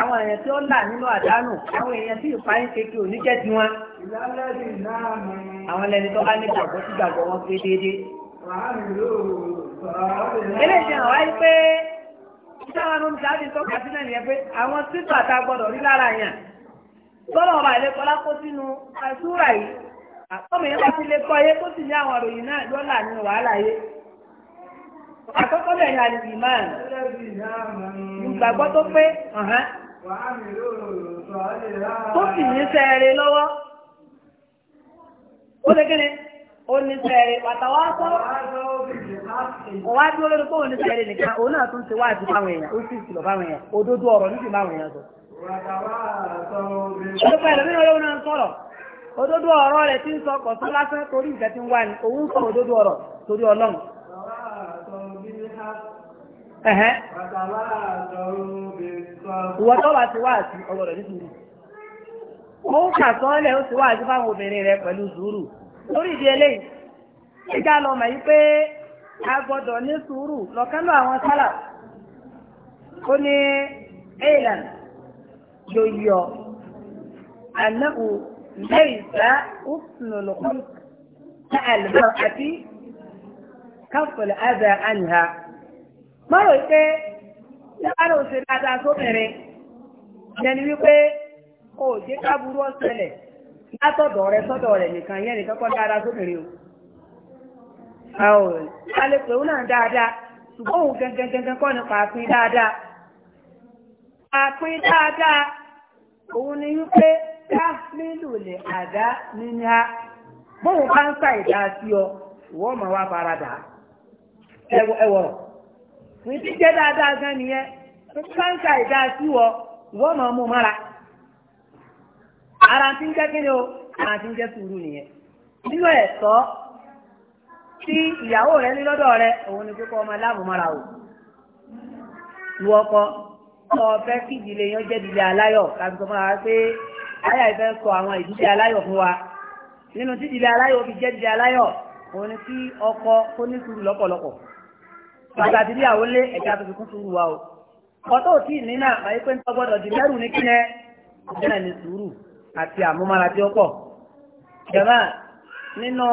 àwọn èèyàn tí ó là nínú àdánù àwọn èèyàn tí kékeré ò ní jẹ́ ti wọn. àwọn tó bá ní táwọn ọmọ ìsáàdì tó kà sí náà yẹn pé àwọn títà a gbọdọ̀ rí lára yẹn gbọ́dọ̀ ọba ilé kọlá kó sínú àṣúra yìí àkọ́mọ̀ yẹn bá ti lè kọ́ yé kó sì ní àwọn náà nínú pé tó sì ní lọ́wọ́ ó ó ní sẹ́ẹ̀rẹ̀ pàtàwọ́ sọ wá dúró lórí nìkan ti fáwọn èèyàn ó sì kìlọ̀ fáwọn èèyàn òdodo ọ̀rọ̀ níbi máwọn èèyàn sọ. olùkọ́ ẹ̀lòmíràn olówó náà ń sọ̀rọ̀ òdodo ọ̀rọ̀ rẹ̀ ti ń sọ lásán torí ti ń wá ní òun sọ òdodo ọ̀rọ̀ torí ọlọ́run. ìwọ tó bá nítorí. ó kà lórí ìdí eléyìí ìjà lọ mọ̀ yí pé a gbọ́dọ̀ ní sùúrù lọ́kánú àwọn sálà ó ní eilan yóò yọ ànáhù lẹ́yìnbá òsùnù lọ́kùn ní àlùmọ́ àti káfọ̀lẹ̀ àdà àníhà. mọ́rọ̀ pé láàárọ̀ òṣèré dáadáa yẹn ni wípé kò jẹ́ ká burú ọ̀sẹ̀lẹ̀. látọ̀dọ̀ rẹ sọ́dọ̀ rẹ̀ nìkan yẹn nìkan kọ́ dáadáa sóbìnrin o. alẹ́ pé òun náà dáadáa ṣùgbọ́n òun gangan kọ́ nípa àpín dáadáa. àpín dáadáa òun ni wípé nílò lè àdá bóun bá ń sí ọ ọmọ wa fara dà ẹwọ ní dáadáa gan nìyẹn ń ká ń ṣàìdá ọ ọmọ ara ti ń jẹ́ kí ni o ara ti ń jẹ́ sùúrù nìyẹn nínú ẹ̀tọ́ tí ìyàwó rẹ ní lọ́dọ̀ rẹ òun ni pé ọmọ láàbùmọ́ra o lu ọkọ kọ́ ọ fẹ́ kí ìdílé yẹn jẹ́ ìdílé aláyọ̀ láti sọ fún wa pé ayà ìfẹ́ sọ àwọn ìdílé aláyọ̀ fún wa nínú tí ìdílé aláyọ̀ fi jẹ́ ìdílé aláyọ̀ òun ni kí ọkọ kó ní sùúrù lọ́pọ̀lọpọ̀ pàtàkì níyàwó lé ẹ̀ka tó fi kún sùúrù wa o ọtọ́ òtí ìnínà àyíkpé ń tọ́gbọ́dọ̀ dì mẹ́rù ní kílẹ̀ ọ̀gbẹ́nà ní sùúrù àti àmúmára tí ó pọ̀. Ìjọba nínú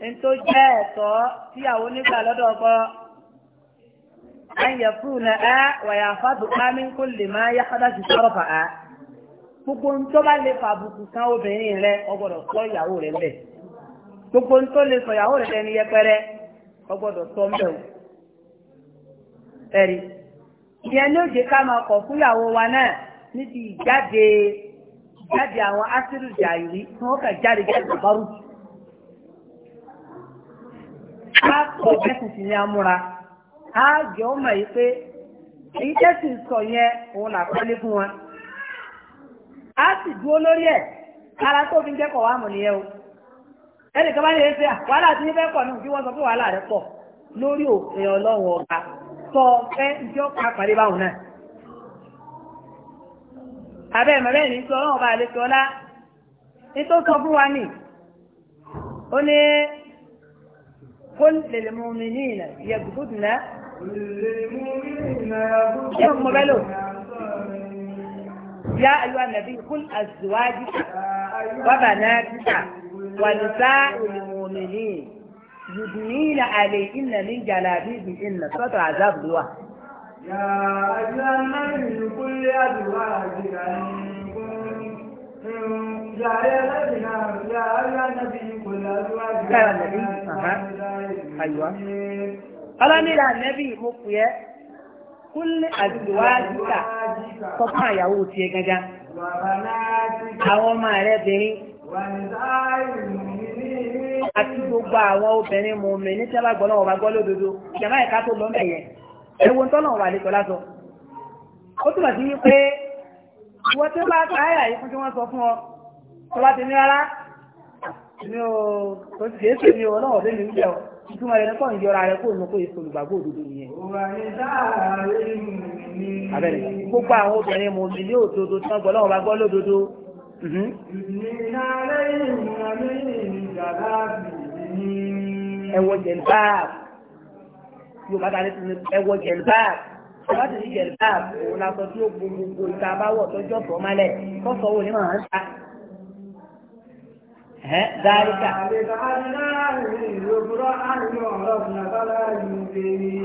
ní tó jẹ́ ẹ̀tọ́ tíyàwó nígbà lọ́dọ̀ ọkọ an yẹ fún na ẹ wà yà fàtó kámi kó lè máa yá fada sí sọ̀rọ̀ fà á. gbogbo ń tó bá lè fa àbùkù kan obìnrin rẹ ọ sọ ìyàwó rẹ ńbẹ. gbogbo ń tó lè sọ ìyàwó rẹ lẹni yẹpẹrẹ ọ sọ ńbẹ o. ẹ̀rí ìyẹn ní òjè ká máa kọ̀ fún ìyàwó wa náà níbi ìjáde jáde àwọn ásírù jàìrí tí wọ́n kà jáde jáde bàbárù. a kò mẹ́sìn sí ní amúra a jọ mọ̀ yìí pé èyí sọ yẹn òun là kọ́lé fún wọn. a sì dúró lórí ẹ, ara tó fi ń mọ̀ nìyẹn o ẹnìkan bá ẹsẹ wàhálà tí fẹ́ bí wọ́n sọ pé wàhálà pọ̀ lórí òfin ọlọ́run ọba fẹ́ báwọn náà. abẹ́ mẹ́rẹ́ ní sọ ọlọ́run bá lè sọlá ní tó sọ fún wa nì ó ní kul lil mu'minina yaghudna ṣé mo bẹ́ lò yá ayọ́ ànàbí kul azwajika wa banatika wa nisa'il mu'minin yudnina alayhinna min jalabibihinna sọ́tọ̀ àzábùlúwà. يا أيها النبي قل لأزواجك يا أيها النبي قل لأزواجك أيوه قال لي النبي مقيا كل أزواجك طبعا يا أوتي يا جدع àwọn ọmọ rẹ̀ bìnrin àti gbogbo àwọn obìnrin mọ̀ọ́mì ní tẹ́lágbọ́n náà wọ́n bá gbọ́ ẹ̀wọ̀n tọ́nà wà lè tọ́lá sọ ó túnmọ̀ sí pé ìwọ tí ó bá káyà yìí fún kí wọ́n sọ fún ọ tó bá ti ní rárá ní o tó ti kéèsì ní o náà ọ̀dẹ́ni níbẹ̀ ọ ìtumọ̀ rẹ̀ nìkan ìyọra rẹ̀ kó nù kó èso olùgbàgbọ́ òdodo nìyẹn. abẹ́rẹ́ gbogbo àwọn obìnrin mò ń ní òdodo tí wọ́n gbọ́ lọ́wọ́ bá gbọ́ lódodo. ẹ̀wọ̀n jẹ̀ ń báàbù yóò bá dání tún ẹwọ jẹlbáàbù láti ní jẹlbáàbù òun la sọ tí ó gbogbo ìta bá wọ̀ tọ́jọ́ bọ̀ mọ́lẹ̀ kọ́sọ̀ wo ni mà ń ta. Dáríkà.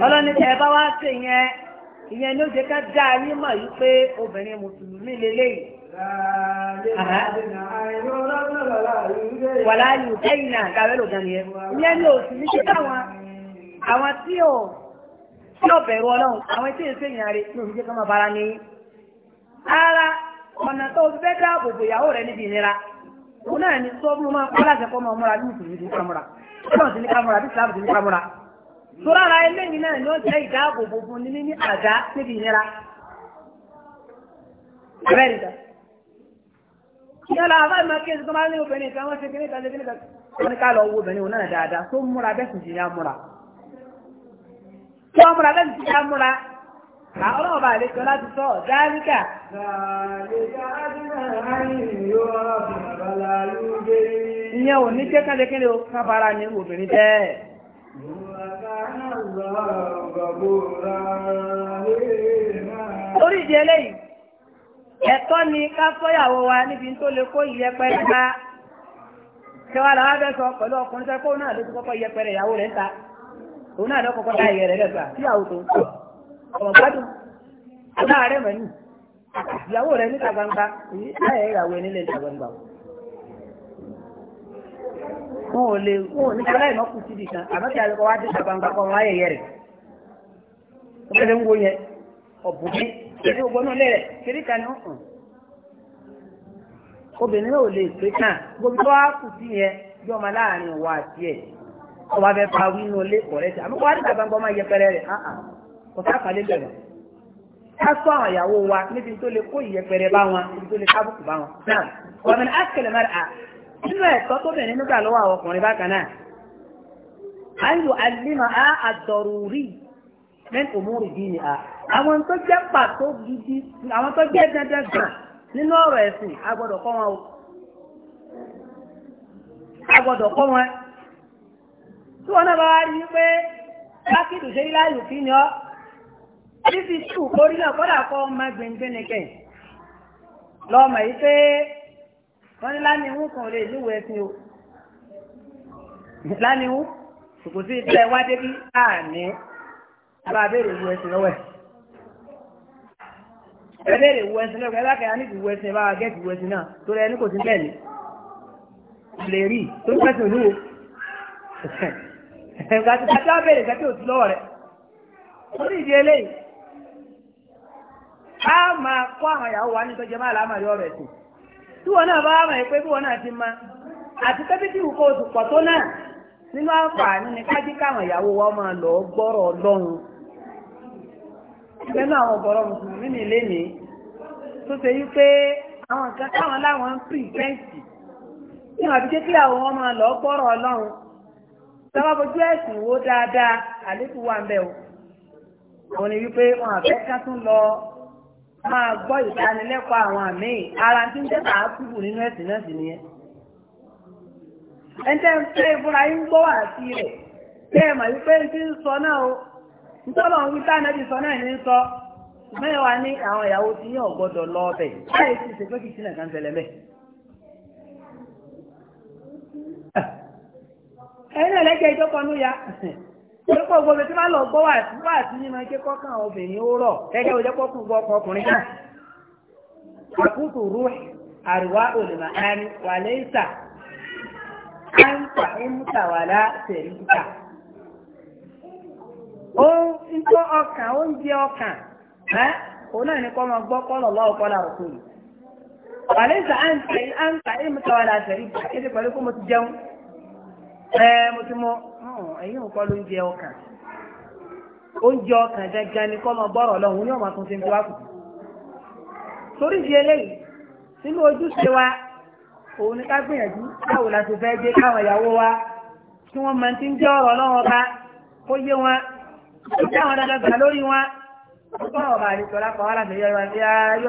Ọlọ́ni tẹ̀ bá wá sí yẹn, ìyẹn ló jẹ́ ká dá yín mọ̀ yí pé obìnrin mùsùlùmí lélẹ́yìí. Wàlá yìí tẹ́yìn náà, kàwé ló gan ni yẹn. Ìyẹn ló sì ní ṣe táwọn àwọn tí ò tí ò bẹ̀rù ọlọ́run àwọn tí èsè yàn rè ní òṣìṣẹ́ kan máa bára ní. ara ọ̀nà tó o fẹ́ dáàbò bò ìyàwó rẹ níbi ìnira òun náà ni tó mú máa kọ́lá àṣẹkọ́ máa múra bí mùsùlùmí ti ń kámúra ọlọ́run ti ní kámúra bí islam ti ní kámúra. sọ́ra ara eléyìí náà ni ó jẹ́ ìdáàbò bò fún ní ní àdá níbi ìnira. bẹ́ẹ̀ ni yálà àbáyé máa kí ẹsẹ̀ tó máa ní obìnrin kan wọ́n ṣe kíní kan ṣe kíní kan wọ́n ní ká lọ wo obìnrin òun náà dáadáa tó múra bẹ́ẹ̀ sì jìyà múra tí wọ́n múra lẹ́nu tí wọ́n múra àwọn ọba àlejò láti sọ dáríkà. ìyẹn ò ní jẹ́ kájẹ kí ni o ká fara ní obìnrin jẹ́. lórí ìdí eléyìí ẹ̀tọ́ ni ká sọ́yàwó wa níbi tó lè kó ìyẹpẹrẹ bá. kí wàá làwọn abẹ́ sọ pẹ̀lú ọkùnrin sẹ́kọ̀ọ́ náà ló ti kọ́kọ́ ìyẹpẹrẹ ìyàwó rẹ̀ ń ta òun náà lọ́kọ̀ọ́kọ́ dá ìyẹn rẹ̀ lẹ́gbà sí àwọn tó ń sọ ọmọ gbádùn aláàárẹ̀ mọ̀ ní ìyàwó rẹ̀ níta gbangba èyí láyé ìyàwó ẹ̀ nílẹ̀ níta gbangba. wọn ò lè wọn ò ní sọ láì mọ́kù síbi kan àmọ́ kí àlọ́kọ̀ wá dé ìta gbangba kọ́ wọn ayẹyẹ rẹ̀ ọ̀pẹ̀lẹ̀ ń wo yẹn ọ̀bùn mi kiri ògbónú lé rẹ̀ kiri kan ní ọ̀hún. obìnrin náà ò lè pé kàn gbogbo wá kù sí yẹn bí kọ́ bá fẹ́ pa wínú ilé kọ̀rẹ́ sí àmọ́ kọ́ wá níta gbangba máa yẹpẹrẹ rẹ̀ hàn ah, án ah. kò sá kàlẹ́ bẹ̀rẹ̀ ká sọ àwọn ìyàwó wa níbi tó lè kó ìyẹpẹrẹ bá wọn níbi tó lè kábùkù bá wọn. náà wọ́n mi ní àṣìkèlè mẹ́rin à nínú ẹ̀tọ́ tó bẹ̀rẹ̀ nígbà lọ́wọ́ àwọn ọkùnrin bákan náà àìlò àlìmọ̀ á àdọ̀rùrí mẹ́rin òmùrù dì ní à àwọn tó jẹ́ pàtó gidi àwọn tó jẹ́ dandan gan nínú ọ̀rọ̀ ẹ̀sìn agbọ́dọ̀ kọ́ wọn agbọ́dọ̀ kọ́ wọn tí wọ́n náà bá wá rí pé lákìtù ṣe láyò fi ni ọ́ títí tù kórí náà kọ́dà kọ́ ọmọ gbẹ̀ngbẹ̀nẹ̀kẹ̀ lọ́mọ yìí pé wọ́n ní lánìhún kan lè lúwẹ̀ ẹ̀sìn o lánìhún kò sí ìtẹ́ wá débí àní bá béèrè ìwé ẹ̀sìn lọ́wọ́ ẹ̀ ẹ béèrè ìwé ẹ̀sìn lọ́wọ́ ẹ bá kẹ́yà níbi ìwé ẹ̀sìn ẹ bá wa gẹ́ẹ̀tì ìwé ẹ̀sìn náà tó rẹ ẹni kò sí bẹ́ẹ̀ ni lè rí tó ń pẹ́sìn olúwo ẹ̀ka ti ká tábìlì kẹ́kẹ́ òtí lọ́wọ́ rẹ̀ orí ìdí eléyìí a máa kọ́ àwọn ìyàwó wa nítorí jẹ́ máa láàmà yọ ọ̀rọ̀ ẹ̀sìn tí wọn náà bá wà mọ̀ pé bí wọn náà ti ma àti tẹ́bítì wù kó pọ̀ tó náà nínú àǹfààní ni káwọn ìyàwó wa máa lọ gbọ́rọ̀ àwọn mùsùlùmí ní ilé mi tó ṣe yí pé àwọn kan káwọn láwọn ń sábà bójú ẹ̀sìn wo dáadáa àlékún o òun ni wípé wọn àfẹ́ ká tún lọ máa gbọ́ ìdánilẹ́kọ̀ọ́ àwọn àmì ara tí ń jẹ́ kàá kúrò nínú ẹ̀sìn náà sì nìyẹn ń fẹ́ ìfúnra yín gbọ́ wà sí rẹ̀ o ń wí táná ti sọ náà ní sọ mẹ́wàá ní àwọn ìyàwó ti ọ̀gbọ́dọ̀ lọ ọbẹ̀ ẹ̀yin náà lẹ́jẹ̀ ìjọpọ̀ ya ya ìjọpọ̀ gbogbo tí wọ́n lọ gbọ́ wà sí kọ́kàn obìnrin ó rọ̀ gẹ́gẹ́ ọkọ̀ ọkùnrin náà àkútù rú àríwá ẹni wà ìmúta wà lá ó ń ọkàn ó ń jẹ ọkàn òun náà ní kọ́ gbọ́ lọ́wọ́ wà ẹ mo ti mọ hmm, ẹ̀yin ò kọ́ ló ń jẹ ọkàn oúnjẹ ọkàn gangan ni kọ́ máa bọ́rọ̀ lọ́hùn ní ọ̀mà tuntun tó wá kù torí di eléyìí nínú ojúṣe wa òun ni ká gbìyànjú báwo la ti fẹ́ gbé káwọn ìyàwó wa kí wọ́n máa ti ń jẹ́ ọ̀rọ̀ lọ́wọ́ kó yé wọn àwọn dandan gbà lórí wọn ọ̀rọ̀ bá lápá yọ ìwádìí ayọ́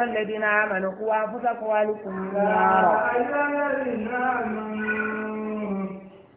wa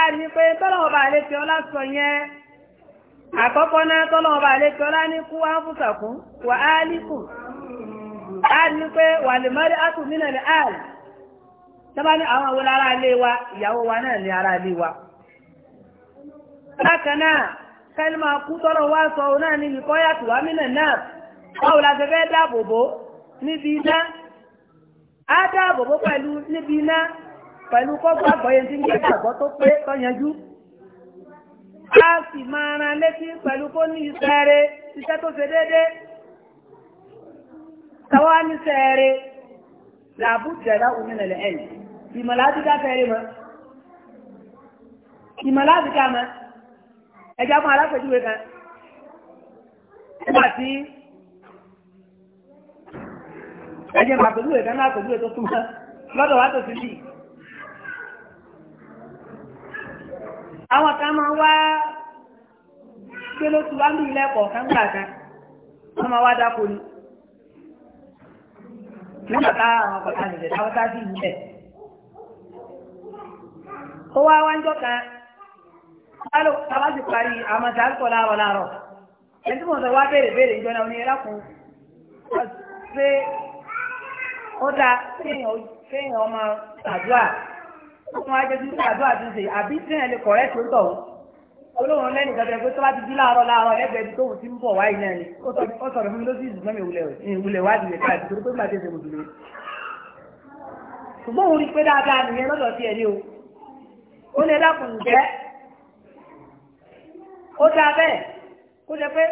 àrí pé tọ́lọ́wọ́ bá lè sọ yẹn àkọ́kọ́ náà tọ́lọ́wọ́ bá lè fi ọlá ní kú wá wà á líkù àrí pé wà lè mọ́rí ákù mínà wa ìyàwó wa náà ní ará wa bákan náà kẹ́lí máa kú tọ́lọ́wọ́ wá sọ òun náà pẹ̀lú kọ́gbọ́ àgbọ́yé tí ń jẹ́ gbàgbọ́ tó pé tó yanjú a sì máa ran létí pẹ̀lú kó ní ìṣẹ́ẹ̀rẹ́ iṣẹ́ tó ṣe déédé tàwa ní ṣẹ́ẹ̀rẹ́ làbú jẹ̀dá òmìnirẹ̀ ẹ̀yìn ìmọ̀láàdìká fẹ́rẹ́ mọ́ ìmọ̀láàdìká mọ́ ẹja fún alápèjúwe kan nígbà tí ẹjẹ màpèjúwe kan náà pèjúwe tó túmọ̀ lọ́dọ̀ wa tó ti bíi àwọn kan máa wá gbé ló wá ní kan gbà kan wọ́n máa wá dáko ni nígbà àwọn ọkọ̀ kan nìjẹ̀ táwọn sáà sí ìlẹ̀ ó wá wájọ́ kan alo tàbá parí àmọ́ ń kọ́ láàrọ̀ fún wa jẹ́ sísè àdúrà tó ń ṣe àbí tí ẹ̀ lè kọ̀rẹ́ tó ń tọ̀ olóhùn lẹ́nu gbẹgbẹ pé tó bá ti di láàárọ̀ láàárọ̀ lẹ́gbẹ̀ẹ́ ibi tóun ti ń bọ̀ wáyé náà ni ó sọ̀rọ̀ fún mi lóṣù ìdùnnú mi ìwúlẹ̀ wádìí rẹ̀ káàdì torí pé má tẹ̀sẹ̀ mùsùlùmí. ṣùgbọ́n òun rí pé dáadáa nìyẹn lọ́dọ̀ tiẹ̀ ni o ó lè dákùn jẹ́ ó dáa bẹ́ẹ̀ kó jẹ pé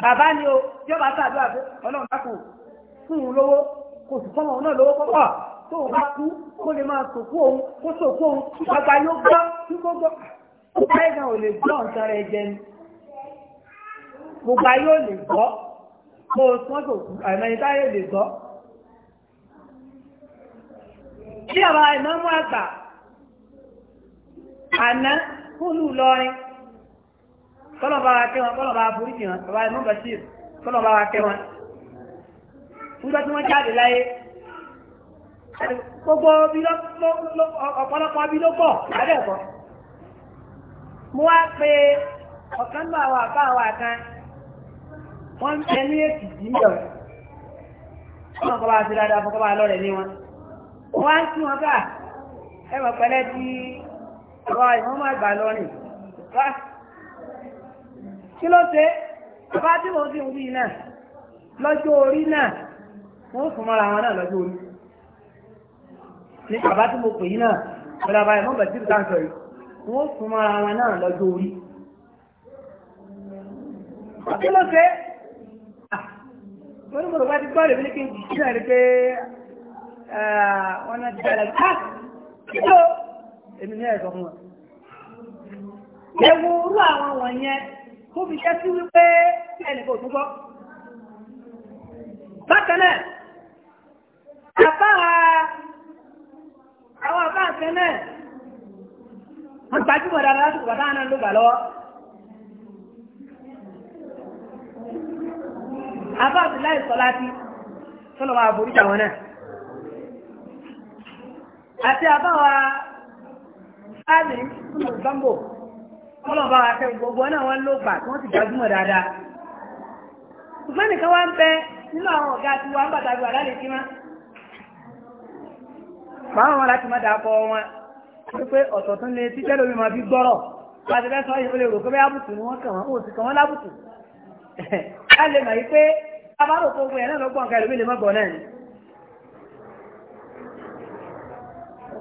bàbá o tí ó tó o bá kú kó lè máa sòkú òun kó sòkú òun bàbá yóò gbọ́ tí kò gbọ́ bàbá yìí náà ò lè gbọ́ nǹkan rẹ̀ jẹ ni bàbá yóò lè gbọ́ kó o tún ọ̀sọ̀ àìmọ̀yìn táyé lè gbọ́. bí àwọn àìmọ̀mú àgbà àná kúlù lọrin kọ́lọ̀bá wa kẹwọn kọ́lọ̀bá wa burúkú wọn bàbá àìmọ̀ bàṣír kọ́lọ̀bá wa kẹwọn nígbà tí wọ́n jáde láyé gbogbo ọ̀pọ̀lọpọ̀ ibi ló pọ̀ ládẹ́ẹ̀kọ́ mo wá pé ọ̀kan náà wà bá wà kan wọ́n ń tẹ ní èkì jíjọ wọn kọ́ bá ti dáadáa fún kọ́ bá lọ́rẹ̀ ní wọn wọ́n á ń tún wọn ká ẹ̀wọ̀n pẹ̀lẹ́ tí ọ̀rọ̀ ìwọ́n máa gbà lọ́rìn wá kí ló ṣe bàbá tí mo ní bàbá tí mo pè yín náà ọ̀dà báyìí mọ́ bàtí ìta sọ yìí wọ́n sún mọ́ra wọn náà lọ́jọ́ orí. kí ló ṣe wọ́n ní mo bá ti gbọ́ rẹ̀ bí kí n kí náà rí àwọn àbá àfẹ́ náà wọ́n gbajúmọ̀ dáadáa láti bàbá àná ló gbà lọ́wọ́. àbá àbíláì sọ láti sọ́nà máa borí tàwọn náà. àti àbá wa áàlì fún ìgbàmbò kọ́lọ̀ bá wa fẹ́ gbogbo náà wọ́n ló gbà tí wọ́n ti gbajúmọ̀ dáadáa máa wọn láti má dà kọ wọn wípé ọ̀tọ̀ tún lè títẹ́ lómi máa fi gbọ́rọ̀ láti fẹ́ sọ ìwé rò pé bẹ́ẹ̀ àbùkù ni wọ́n kàn wọ́n ò sì kàn wọ́n lábùkù ká lè mọ̀ wípé abáró tó gbé ẹ̀ náà lọ́gbọ̀n ká ìlú lè má bọ̀ náà ni.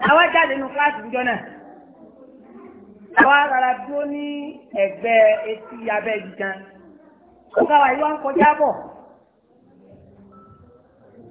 àwa jáde nínú kíláàsì níjọ náà àwa rárá dúró ní ẹ̀gbẹ́ etí abẹ́ ìdìkan ó káwa yìí wá ń kọjá bọ̀.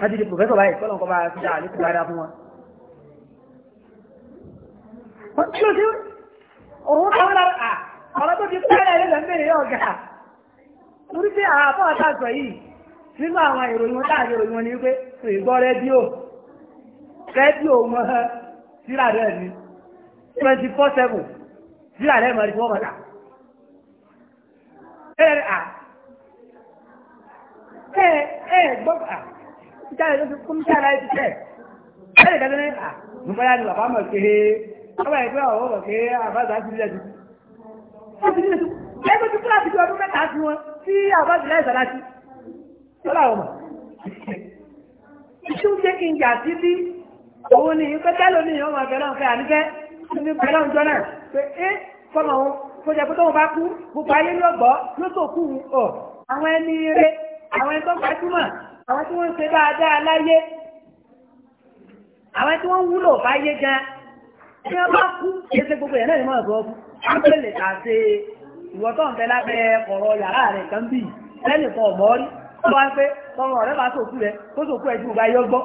wọ́n ti di báyìí kọ́lọ̀ kọ́ bá ti dá àlékún dáadáa fún wọn. wọ́n ti sí òun táwọn ọ̀rọ̀ tó ti pẹ́ẹ́rẹ́ ilé mẹ́rin yóò ga torí pé àbọ̀ àtàkọ̀ yìí nínú àwọn ìròyìn táàrí ìròyìn wọn ni wípé ìgbọ́ rédíò rédíò wọn síra rẹ̀ ni twenty four síra rẹ̀ mọ̀ ní wọ́n mọ̀ ta ìjáde ló fi kún sí ara ẹbí tẹ̀. Bẹ́ẹ̀ni kẹ́kẹ́ ní à ń bọ́yá ni bàbá mọ̀ pé ọba ìpẹ́ ọ̀wọ́ mọ̀ pé àbájá ti lẹ̀ tuntun. Ó ti lẹ̀ tuntun. Ẹgbẹ́ tuntun láti fi ọdún mẹ́ta sí wọn sí àbájá láì sàlá sí. Lọ́la wọn mọ̀. Iṣu kí n jà sí bí òun ni ìpẹ́ tẹ́lò ní ìyọ́mọ̀ bẹ̀rẹ̀ ọ̀fẹ́ àníkẹ́ ní bẹ̀rẹ̀ ọ̀jọ́ náà pé é eh, fọmọ òun kó jẹ́ pé tóun bá kú gbogbo ayé ní ọgbọ́ ló tó kú ọ̀ àwọn ẹni rẹ àwọn ẹni tó gbajúmọ̀ àwọn tí wọ́n ń ṣe dáadáa láyé àwọn tí wọ́n wúlò fáyé gan tí wọ́n bá kú kéṣe gbogbo yẹn náà ni wọ́n sọ fún wọ́n lè ta ṣe ìwọ tó ń bẹ lábẹ́ ọ̀rọ̀ yàrá rẹ̀ kan bì lẹ́nu kan ọ̀mọ́ rí wọ́n wá pé ọ̀rọ̀ rẹ̀ bá sòkú rẹ̀ kó sòkú ẹ̀ ju ìgbà yọ gbọ́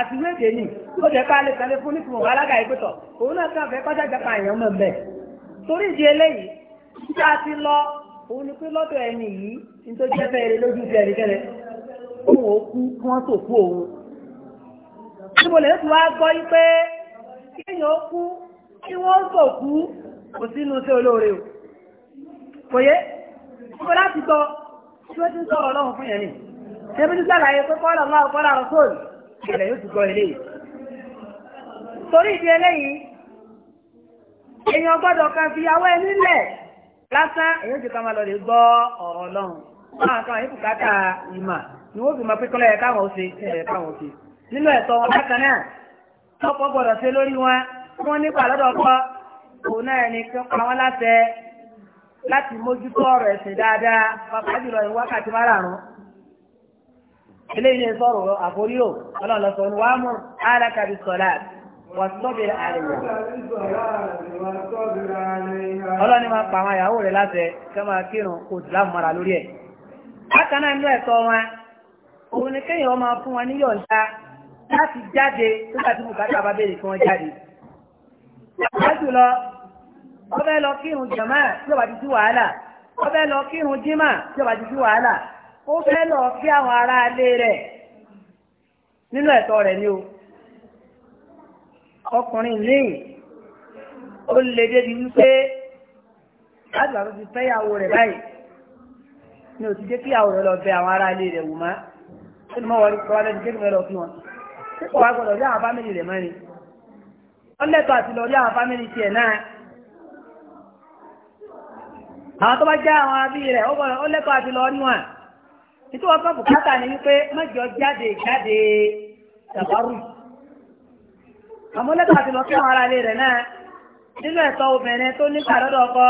àti ìwé èdè ni ó jẹ́ ká lè fún nípìnlẹ̀ alága ìpẹ́tọ̀ òun náà kàn fẹ́ kọjá ìjọba èèyàn mọ̀ bẹ́ẹ̀ torí ìdí eléyìí tí a ti lọ òun ni pé lọ́dọ̀ ẹni yìí ní tó jẹ́ fẹ́ẹ́ lójú fẹ́ẹ́ òun ò kú kí wọ́n tó kú òun. Tí mo lè fi wá gbọ́ yí pé kéèyàn ó kú kí wọ́n tó kú kò sínú iṣẹ́ olóore o. Kò yé, kókó láti gbọ́ tí ó ti ń sọ̀rọ̀ ọlọ́run fún yẹn ni. Ṣébí ti sàlàyé pé kọ́lá ọ̀la ọ̀kọ́lá rọ̀sọ́ọ̀lù ìṣẹ̀lẹ̀ yóò ti gbọ́ eléyìí. Torí ìdí eléyìí, èèyàn gbọ́dọ̀ kan fi awọ́ ẹni lẹ̀ lásán èyí ti ká máa lọ lè gbọ́ ọ̀rọ̀ ọlọ́run. Wọ́n á kan àyíkù kátà ìmọ̀ ni wọ́n fi mọ̀ pé kọ́lọ́ yẹ káwọn ṣe ẹ̀ káwọn ṣe nínú ẹ̀tọ́ wọn bákan náà tọ́pọ̀ gbọ́dọ̀ ṣe lórí wọn wọ́n nípa lọ́dọ̀ kọ́ òun náà ni kí wọ́n pa wọ́n láṣẹ láti mójútó ọ̀rọ̀ ẹ̀sìn dáadáa pàápàá jùlọ ìwọ wákàtí márààrún eléyìí lè sọ̀rọ̀ àforí o ọlọ́run lọ́sọ̀ ni wàá mú alákàbí sọ̀lá wà sọ́bìrì àríyá. ọlọ́run máa pa àwọn àyàwó rẹ̀ láṣẹ òun ni kéèyàn máa fún wọn ní yọ̀ǹda láti jáde nígbà tí mo bá tàbá béèrè kí wọ́n jáde. Lájú lọ, ó fẹ́ lọ kírun jàmá tí ó bá ti sí wàhálà, ó fẹ́ lọ kírun jímà tí ó bá ti sí wàhálà, ó fẹ́ lọ kí àwọn ará ilé rẹ̀ nínú ẹ̀tọ́ rẹ̀ ni o. Ọkùnrin míì ó lè débi wípé láti wàá fi fẹ́yàwó rẹ̀ báyìí ni ò ti dé kíyàwó rẹ̀ lọ bẹ àwọn ará ilé rẹ̀ wò máa ẹni mọ́ wọlé wọlé ní kékeré lọ fún wọn pípọ̀ wá gbọ́dọ̀ rí àwọn fámìlì rẹ̀ mọ́ ni wọ́n lẹ́tọ̀ àti lọ rí àwọn fámìlì tiẹ̀ náà àwọn tó bá jẹ́ àwọn abí rẹ̀ ó lẹ́tọ̀ àti lọ rí wọn wọn kọ́ bùkátà ni wípé mẹ́jọ jáde jáde ṣàbárù àmọ́ lẹ́tọ̀ àti lọ kí àwọn ará ilé rẹ̀ náà nínú ẹ̀tọ́ obìnrin tó ní kàdọ́dọ̀ ọkọ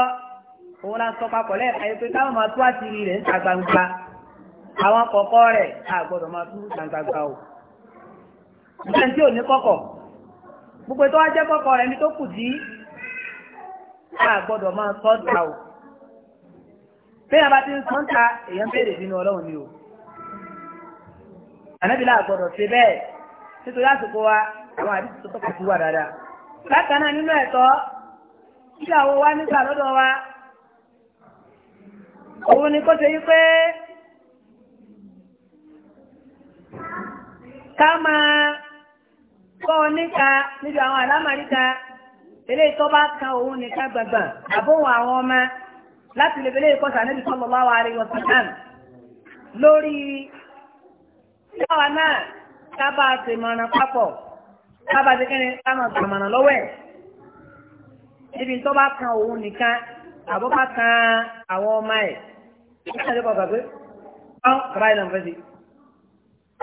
òun la sọ papọ̀ lẹ́ẹ̀ka yìí pé káwọn máa tó àtìrí rẹ̀ ń ta gbangba àwọn kọ̀ọ̀kọ́ rẹ̀ àgbọ̀dọ̀ máa tú gbàǹgbàǹgbà o. Ìjẹ́ tí ò ní kọ́kọ̀. Gbogbo tó wá jẹ́ kọ́kọ́ rẹ̀ ní tó kù dí àgbọ̀dọ̀ máa sọ́ ta o. Bẹ́ẹ̀ bá ti ń sọ́ ta èèyàn béèrè nínú ọlọ́run ni o. Ànábìlà àgbọ̀dọ̀ ṣe bẹ́ẹ̀ nítorí àsìkò wa àwọn àdìsí tó tọ́kọ̀ sí wà dáadáa. Bákan náà nínú ẹ̀tọ́ ìyàwó wa nígbà lọ́dọ̀ wa. Òun ni kó ṣe yí pé ká máa kọ́ níka níbi àwọn àlámàríka eléyìí tó bá kan òun nìkan gbàgbà àbóhùn àwọn ọmọ láti lè bẹ̀lẹ́ ìkọ́sà níbi sallallahu alaihi wasallam lórí táwa náà sábà tèmọ̀ràn papọ̀ sábà tẹkẹ́rin sábà tèmọ̀ràn lọ́wọ́ ẹ̀ níbi tó bá kan òun nìkan àbó bá kan àwọn ọmọ ẹ̀ nígbà tó kọ̀ gbàgbé ọ́n bàbá ìlànà fẹ́ sí i.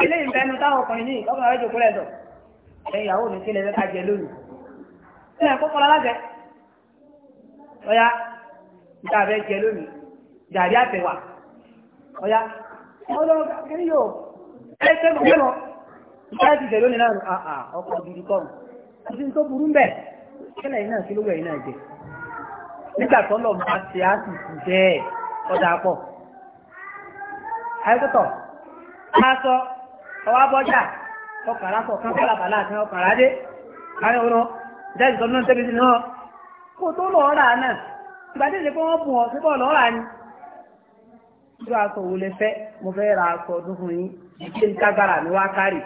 ilé ìfẹnu táwọn ọkùnrin ní ìtọ́kùnrin àwọn ìjòkó rẹ̀ ẹ ìyàwó mi sílẹ̀ fẹ́ jẹ lónìí sílẹ̀ ọ̀yá ìta jẹ lónìí jàdí ọ̀yá ọlọ́run yóò ẹ ṣe mọ̀ ìta ti jẹ lónìí náà ọkọ̀ gidi kọ́ tó burú ń bẹ̀ iná sí lówó jẹ nígbà tó lọ á sì sì ọ̀dà pọ̀ ọwọ́ abọ́jà ọkàrà kọ̀ọ̀kan kálábàlá àti ọkàrà dé káyọ̀ ọ̀rọ̀ jẹ́sì tó náà tẹ́bi sí náà kó tó lọ na. náà ìgbà tí ìṣe pé bù sí bọ́ọ̀lù ni. irú aṣọ wo fẹ́ mo fẹ́ ra aṣọ ọdún fún yín ń mi wá kárì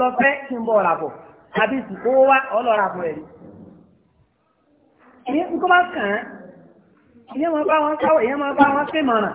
lọ fẹ́ kí n bọ̀ ọ̀rà bọ̀ tàbí ìsìnkú wá bọ̀ ìyẹn kó bá kàn án ìyẹn máa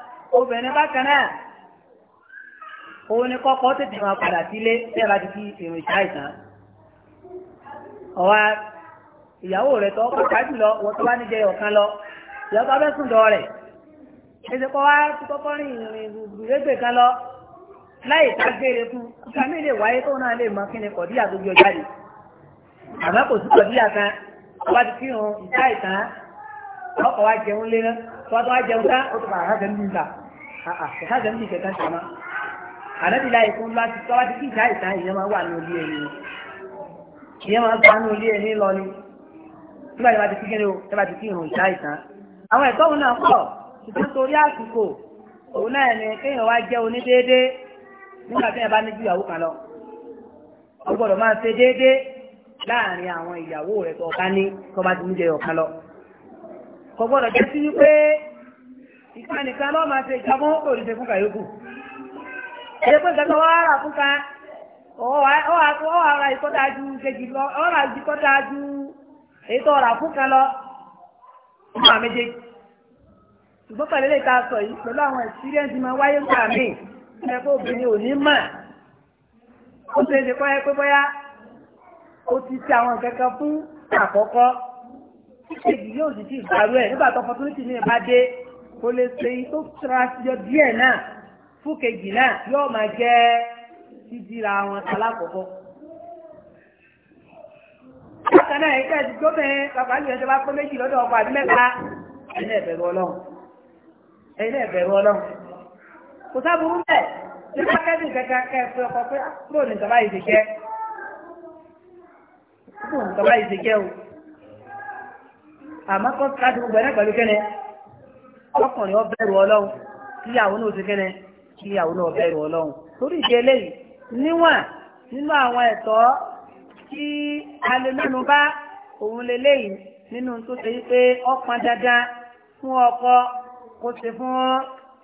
obìnrin bákan náà òun ni kọ́kọ́ tètè máa padà sílé tẹ́ bá ti fi èrò ìṣàìsàn ọ̀wá ìyàwó rẹ̀ tọ́ pàpà jùlọ wọ́n tó bá ní jẹ́ ọ̀kan lọ ìyàwó tó fẹ́ sùn lọ rẹ̀ ẹsẹ̀ kọ́ wá kọ́kọ́ rìn ìrìn gbùgbùgbé kan lọ láì tágbére fún kíkà mí lè wáyé tó náà lè mọ kí ni kọ̀díyà tó yọ jáde àmọ́ kò sí kọ̀díyà kan wá ti kírun ìṣàìsàn ọkọ̀ wá jẹun lé náà tó wá jẹun tán ó ti ẹ̀ka ah, jẹ́ ah, ní ìkẹta ṣe máa ànábì láì fún láti tọ́wá ti kí ìjà ìta ìyẹn máa wà ní orí ẹni ìyẹn máa gbà ní orí ẹni lọ ni nígbà tí wọ́n ti kí kí ni o tí wọ́n ti kí ìrùn ìjà ìta àwọn ẹ̀tọ́ òun náà pọ̀ ṣùgbọ́n torí àsìkò òun náà ni kéèyàn wá jẹ́ onídéédé nígbà tí wọ́n bá ní ju ìyàwó kan lọ o gbọ́dọ̀ máa ṣe déédé láàrin àwọn ìyàwó rẹ̀ tó ọ̀ká ní tó bá ti ní jẹ ọ̀kan lọ kò gbọ́dọ̀ jẹ́ sí wípé ìka nìkan máa ṣe ìjàmọ́ kò fún kàyókù. ẹ̀rọ pé nǹkan kan rà fún ka ọ̀wà ara ìkọ́ta ju kejì lọ ọ̀rà ìkọ́ta ju èyí tó rà fún lọ fún àmì dé. ṣùgbọ́n pẹ̀lú ilé ìta sọ yìí pẹ̀lú àwọn experience máa wáyé ń gbà mí ẹ kó obìnrin ò ní mà ó ṣe é ṣe kọ́ pé bóyá ó ti ṣe àwọn nǹkan fún àkọ́kọ́ kejì yóò sì ti ìgbàlú ẹ̀ nígbà tó opportunity mi bá dé kò lè ṣe tó tirasijọ díẹ̀ náà fún kejì náà yóò máa jẹ́ jíjíra wọn alákọ̀ọ́kọ́. bákan náà ẹ̀ka ẹ̀sìn tó bẹ̀rẹ̀ bàbá yìí ẹ̀sìn bá pé méjì lọ́dọ̀ ọkọ̀ àbí mẹ́ta ẹ̀yin náà bẹ̀rù ọlọ́run ẹ̀yin náà bẹ̀rù ọlọ́run kò sábúrú bẹ́ẹ̀ ah, ní pákẹ́tì kẹ̀kẹ́ kẹfẹ́ ọkọ̀ pé bóun ní bàbá yìí ti jẹ́ bóun ní bàbá yìí jẹ́ o àmọ́ kọ́ ọkùnrin ọ bẹ̀rù ọlọ́run kíyàwó náà ti kẹ́nẹ́ kíyàwó náà bẹ̀rù ọlọ́run torí ìdí eléyìí níwọ̀n nínú àwọn ẹ̀tọ́ tí a lè mẹ́nu bá òun leléyìí nínú tó ṣe pé ọpọn dandan fún ọkọ kó ṣe fún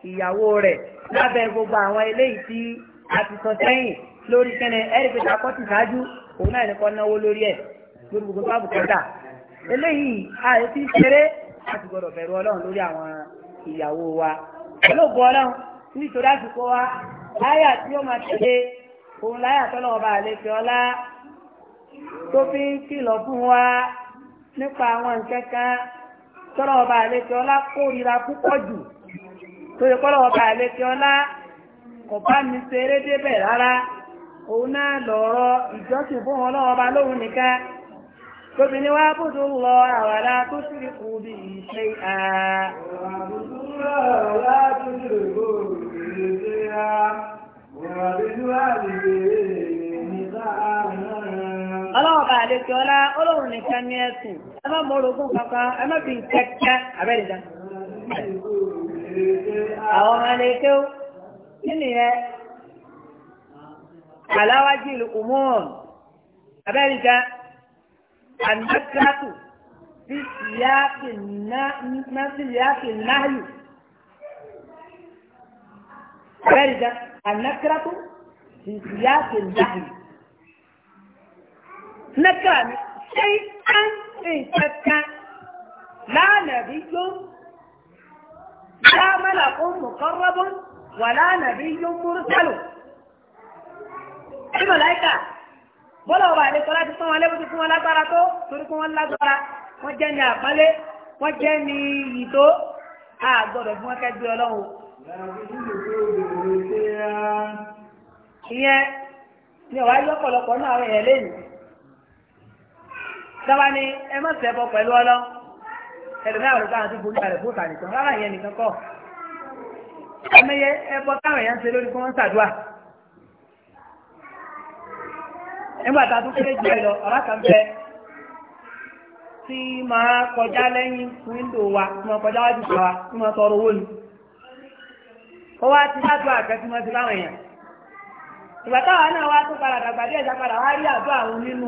ìyàwó rẹ̀ lábẹ́ gbogbo àwọn eléyìí tí a ti sọ sẹ́yìn lórí kẹ́nẹ́ ẹ̀rí pé takọ́ ti ṣáájú òun náà nìkan náwó lórí ẹ̀ lórí gbogbo bábùkọ́dà eléyìí àìsí ṣeré láti gbọ́dọ̀ bẹ̀rù ọlọ́run lórí àwọn ìyàwó wa olóògùn ọlọ́run nítorí àsìkò wa láyà tí ó máa tẹ̀lé òun láyà tọ́lọ́ ọba àlejò ọlá tó fi ń kìlọ̀ fún wa nípa àwọn nǹkan kan tọ́lọ́ ọba àlejò ọlá kórìíra púpọ̀ jù tó yẹ kọ́lọ́ ọba àlejò ọlá kò bá mi ṣeré débẹ̀ rárá òun náà lọ̀rọ̀ ìjọsìn fún ọlọ́ọba lóhun nìkan. tóbi ni wàá bùdó lọ àwọn aláàtúntìrì kù ọlọ́wọ́ bá àlejò ọlá ọlọ́run nìkan ní ẹ̀sìn ẹ má mọ kankan ẹ má kẹ́kẹ́ abẹ́rẹ́ àwọn ọmọ àlejò nínú yẹn aláwájú ìlú النكرة في سياق سياق النهي وردت النكرة في سياق النهي نكرة شيئا شيئا لا نبي لا ملك مقرب ولا نبي مرسل الملائكة bọ́lá ọba àlejò láti fún wọn lẹ́bùtú fún wọn lágbára tó torí fún wọn lágbára wọ́n jẹ́ ní àpọ́nlé wọ́n jẹ́ ní iyì tó àgbọ̀dọ̀ fún wọn kẹ́gbẹ́ ọlọ́run. ìyẹn ni ọ̀wá yọ ọ̀pọ̀lọpọ̀ náà àwọn èèyàn lẹ́yìn. sábà ni ẹ má ṣẹbọ pẹ̀lú ọlọ́ ẹ̀dùnmí àwọn olùkọ́ àwọn tó borí àrẹ̀ fóòtà nìkan rárá ìyẹn nìkan kọ́ ẹ̀mẹ́yẹ ẹ̀bọ táwọn èèyàn ń ṣe lórí fún wọn nígbà tá a tún kéré jù lọ ọ̀rá kan bẹ tí kọjá lẹ́yìn wíńdò wa tí kọjá wájú wa owó ni wá ti àgbẹ̀ tí ti ìgbà táwọn náà wá tó padà dàgbà díẹ̀ padà wá rí àdó àwọn nínú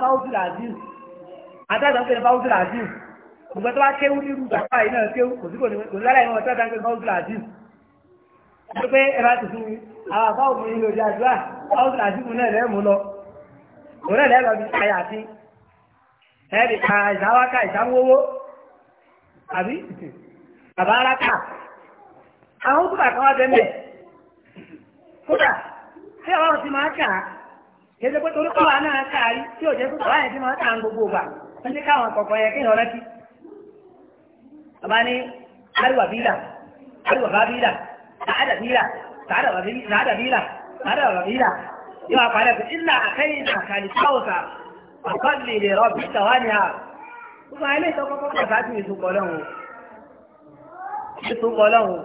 fáwọ́sì làzíù àtàtà fáwọ́sì làzíù tó wá kéwú nírú yìí náà kéwú kò sí kò ní wọ́n òun ẹ̀lẹ́ lọ bí káyà sí ẹ̀rì ka ìsáwáká ìsáwówó àbí àbáraka àwọn tó bàtà wá bẹ́ẹ̀ kódà tí àwọn ti máa kà á kéde pé torí kọ́wà náà káàrí tí ò jẹ́ pé kọ́wà yẹn ti máa kà á gbogbo gbà wọ́n ti káwọn kọ̀ọ̀kan yẹn kí ni ọlọ́tí. bàbá ní àríwá bílà àríwá bá bílà sàádà bílà sàádà bàbá bílà sàádà بما فعلت إلا أخينا كان شوكا فصلي لربك وانهار gbogbo ayé lẹ́yìn tọ́kọ́ kọ́kọ́ ṣáájú ìsúkọ̀ lọ́hùn ìsúkọ̀ lọ́hùn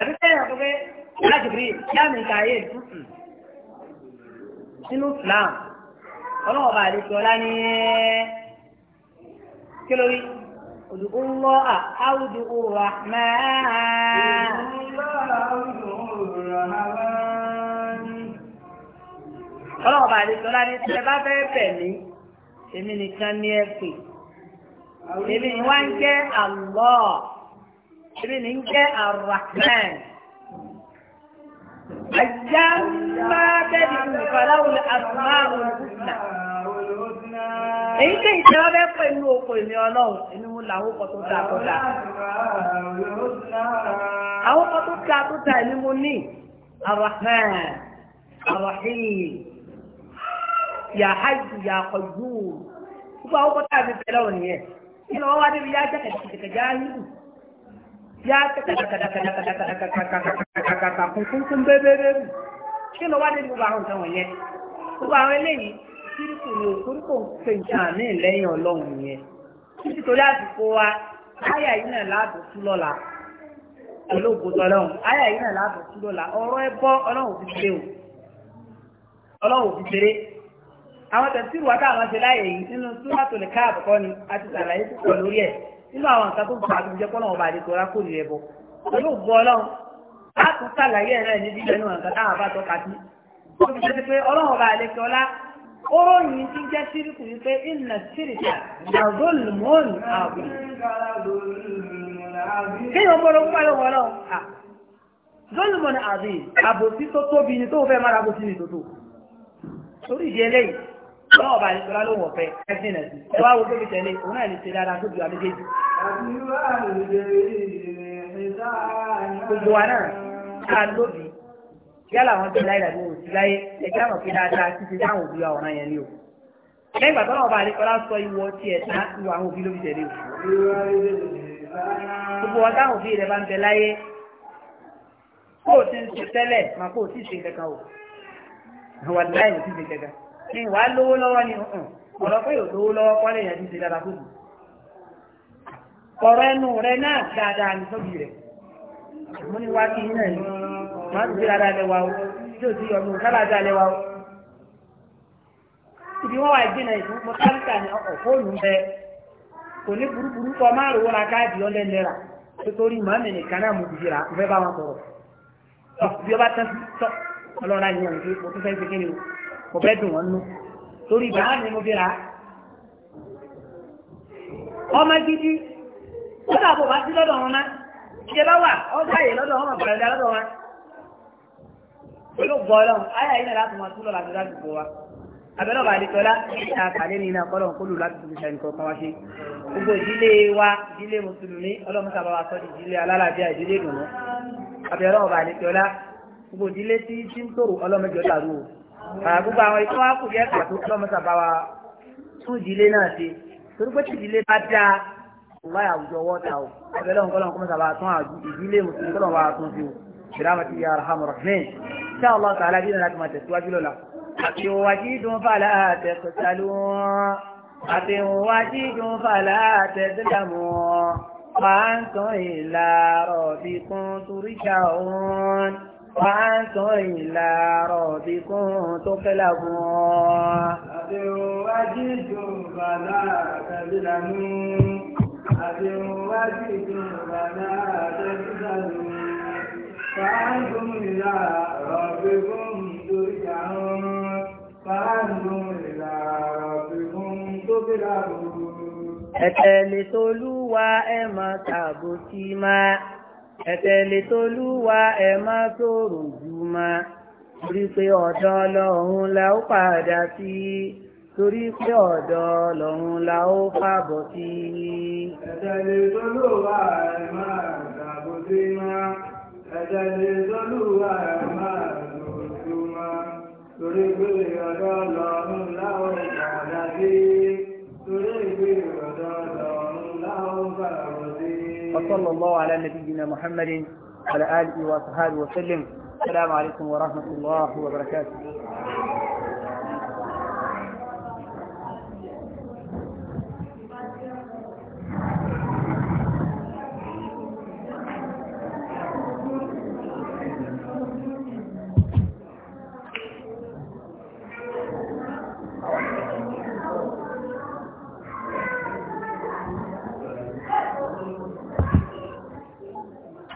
àti sẹ́yìn àkọ́kẹ́ láti rí yáàmì káyé nínú Islam ọlọ́wọ́ bá àlejò ọlá ní kí lórí olùkọ́ ńlọ àwùjọ òwúrọ̀ máa ọlọ́run bá lè sọ́lá ní tẹ́ bá fẹ́ bẹ̀ mí èmi nìkan ni ẹ pè èmi ni wá ń jẹ́ Allah èmi ni ń jẹ́ Ar-Rahman ajá má bẹ́ẹ̀ni ìfọláwùn àtúmáàrún ìfúnà èyí kéyìí tí wọ́n fẹ́ pè ní oko ìní ọlọ́run èmi mú làwọn ọkọ̀ tó ta tó ta àwọn ọkọ̀ tó ta tó ta èmi mú ní Ar-Rahman yà hájú yà kọjú gbogbo àwọn kọ́tà mi bẹ̀rẹ̀ wọn nìyẹn kí ni Ya, wọ́n wá débi yá jẹ́kẹ̀jẹ̀kẹ̀ já yíyù yá jẹ́kẹ̀jẹ̀kẹ̀kẹ̀kẹ̀kẹ̀kẹ̀kẹ̀kẹ̀kẹ̀ kúnkún bébébé mu kí ni wọ́n wá débi gbogbo àwọn nǹkan wọ̀nyẹn gbogbo àwọn eléyìí kíríkù ni òkúrú kò ṣe nǹkan àmì lẹ́yìn ọlọ́run yẹn nítorí àsìkò wa áyà yìí náà láàbò tú lọ́la olóògbé ọlọ́run áyà yìí náà láàbò tú lọ́la ọ̀rọ̀ ẹbọ ọlọ́run ò fi ṣeré o ọlọ́run ò fi ṣeré àwọn tẹ̀síwò wa táwọn ṣe láàyè yìí nínú súrátò lè káàbù kọ́ ni a ti ṣàlàyé púpọ̀ lórí ẹ̀ nínú àwọn nǹkan tó ń fa àtúnjẹ kọ́ náà ọba àdìgbò rákò rí ẹbọ pẹ̀lú ògbọ́ ọlọ́run a tún ṣàlàyé ẹ̀rẹ́ níbi ìlẹ́nu nǹkan táwọn àbá tọ́ka sí. ó ti ṣe pé ọlọ́run ọba àlejò ọlá ó ròyìn tí jẹ́ síríkù wípé ìnà síríkà nàdólùmọ́ọ̀nù àbùn. kéèyàn bọ́ lọ́wọ́ pàlọ́ wọ́n náà dólùmọ́ọ̀nù àbùn àbòsí tó tóbi ni tó fẹ́ mára bó sí ni tó tó. torí ìdí ọlọ́wọ́ bá nìkan ló wọ̀ fẹ́ ẹ̀sìn ẹ̀sìn ẹ wá wo tóbi tẹ̀lé òun náà lè ṣe dáadáa tó ju wa méjèèjì. gbogbo wa náà ká lóbi yálà wọn ti láyé tàbí òsì láyé ẹjẹ àwọn fi dáadáa títí táwọn òbí wa ọ̀ràn yẹn ni o. lẹ́yìn ìgbà tọ́lọ́wọ́ bá nìkan ló sọ ìwọ tí ẹ̀ tá ìwọ àwọn òbí lóbi tẹ̀lé o. gbogbo wa táwọn òbí rẹ̀ bá ń bẹ láyé kó o ti ń ṣe tẹ́lẹ̀ mà kó o ní ìwà lówó lọ́wọ́ ni ọ̀rọ̀ pé ò lówó lọ́wọ́ kọ́lẹ̀ yẹn ti ṣe dára fún mi ọ̀rọ̀ ẹnu rẹ náà dáadáa ní tóbi rẹ̀ mo ní wá kí n náà ní máa ti ṣe dáadáa lẹ́wà o tí ò sí ọdún sálájà lẹ́wà o ibi wọn wà ìgbìnà ìfún mọ́tálítà ní ọkọ̀ fóònù ń bẹ kò ní burúburú kọ máa rówó ra káàdì ọlẹ́ náírà nítorí màmí nìkan náà mo dìde rà mo fẹ́ bá wọn sọ̀rọ̀ bí ọba tán sí tọ́ ọlọ́run àyàn ìgbé mo mo fẹ́ wọn nú torí bàá mi mo fi rà ọmọ gidi ó dà bò bá sí lọ́dọ̀ wọn náà ṣe bá wà ó lọ́dọ̀ wọn dá lọ́dọ̀ wọn gbọ́ ayé ayé wa abẹ́rẹ́ ọba àdìsọ́lá àkàlẹ́ ní iná láti ṣe nǹkan kan wá ṣe gbogbo wa ìdílé mùsùlùmí wa di ìdílé alálàáfíà ìdílé abẹ́rẹ́ àgbogbo ah, àwọn ìtọ́ wa kù díẹ̀ pàtó kí ọmọ sábà wa tún ìdílé náà ṣe torí pé tí ìdílé bá dáa wọ́n yà àwùjọ wọ́ta o ẹgbẹ́ lọ́wọ́n kọ́lọ́n kọ́mọ sábà tún ìdílé mùsùlùmí kọ́lọ́n wa tún sí o ìdámàtí ya arhamar rahman ṣé àwọn ọlọ́ta aládìrẹ́ láti máa tẹ̀síwájú lọ́la. àtiwájídùn fàlà tẹ̀sítàlùwọ̀n fàlà tẹ̀sítàlùwọ̀n máa ń tán وأنتم إلى ربكم تقلبون أدواجكم فلا تظلموا أدواجكم فلا تظلموا فأنتم إلى ربكم ترجعون فأنتم إلى ربكم تقلبون أتلسلوا وأما تابتما ẹ̀tẹ̀lẹ̀ tolúwa ẹ̀ má sòrò jù ma torí pé ọ̀dọ̀ ọlọ́run la ó padà sí torí pé ọ̀dọ̀ ọlọ́run la ó fàbọ̀ sí. ẹ̀tẹ̀lẹ̀ tolúwa ẹ̀ má dàbò sí ma ẹ̀tẹ̀lẹ̀ tolúwa ẹ̀ má sòrò jù ma torí pé ọ̀dọ̀ ọlọ́run la ó padà sí torí pé ọ̀dọ̀ ọlọ́run la ó fàbọ̀ sí. وصلى الله على نبينا محمد وعلى آله وصحبه وسلم السلام عليكم ورحمة الله وبركاته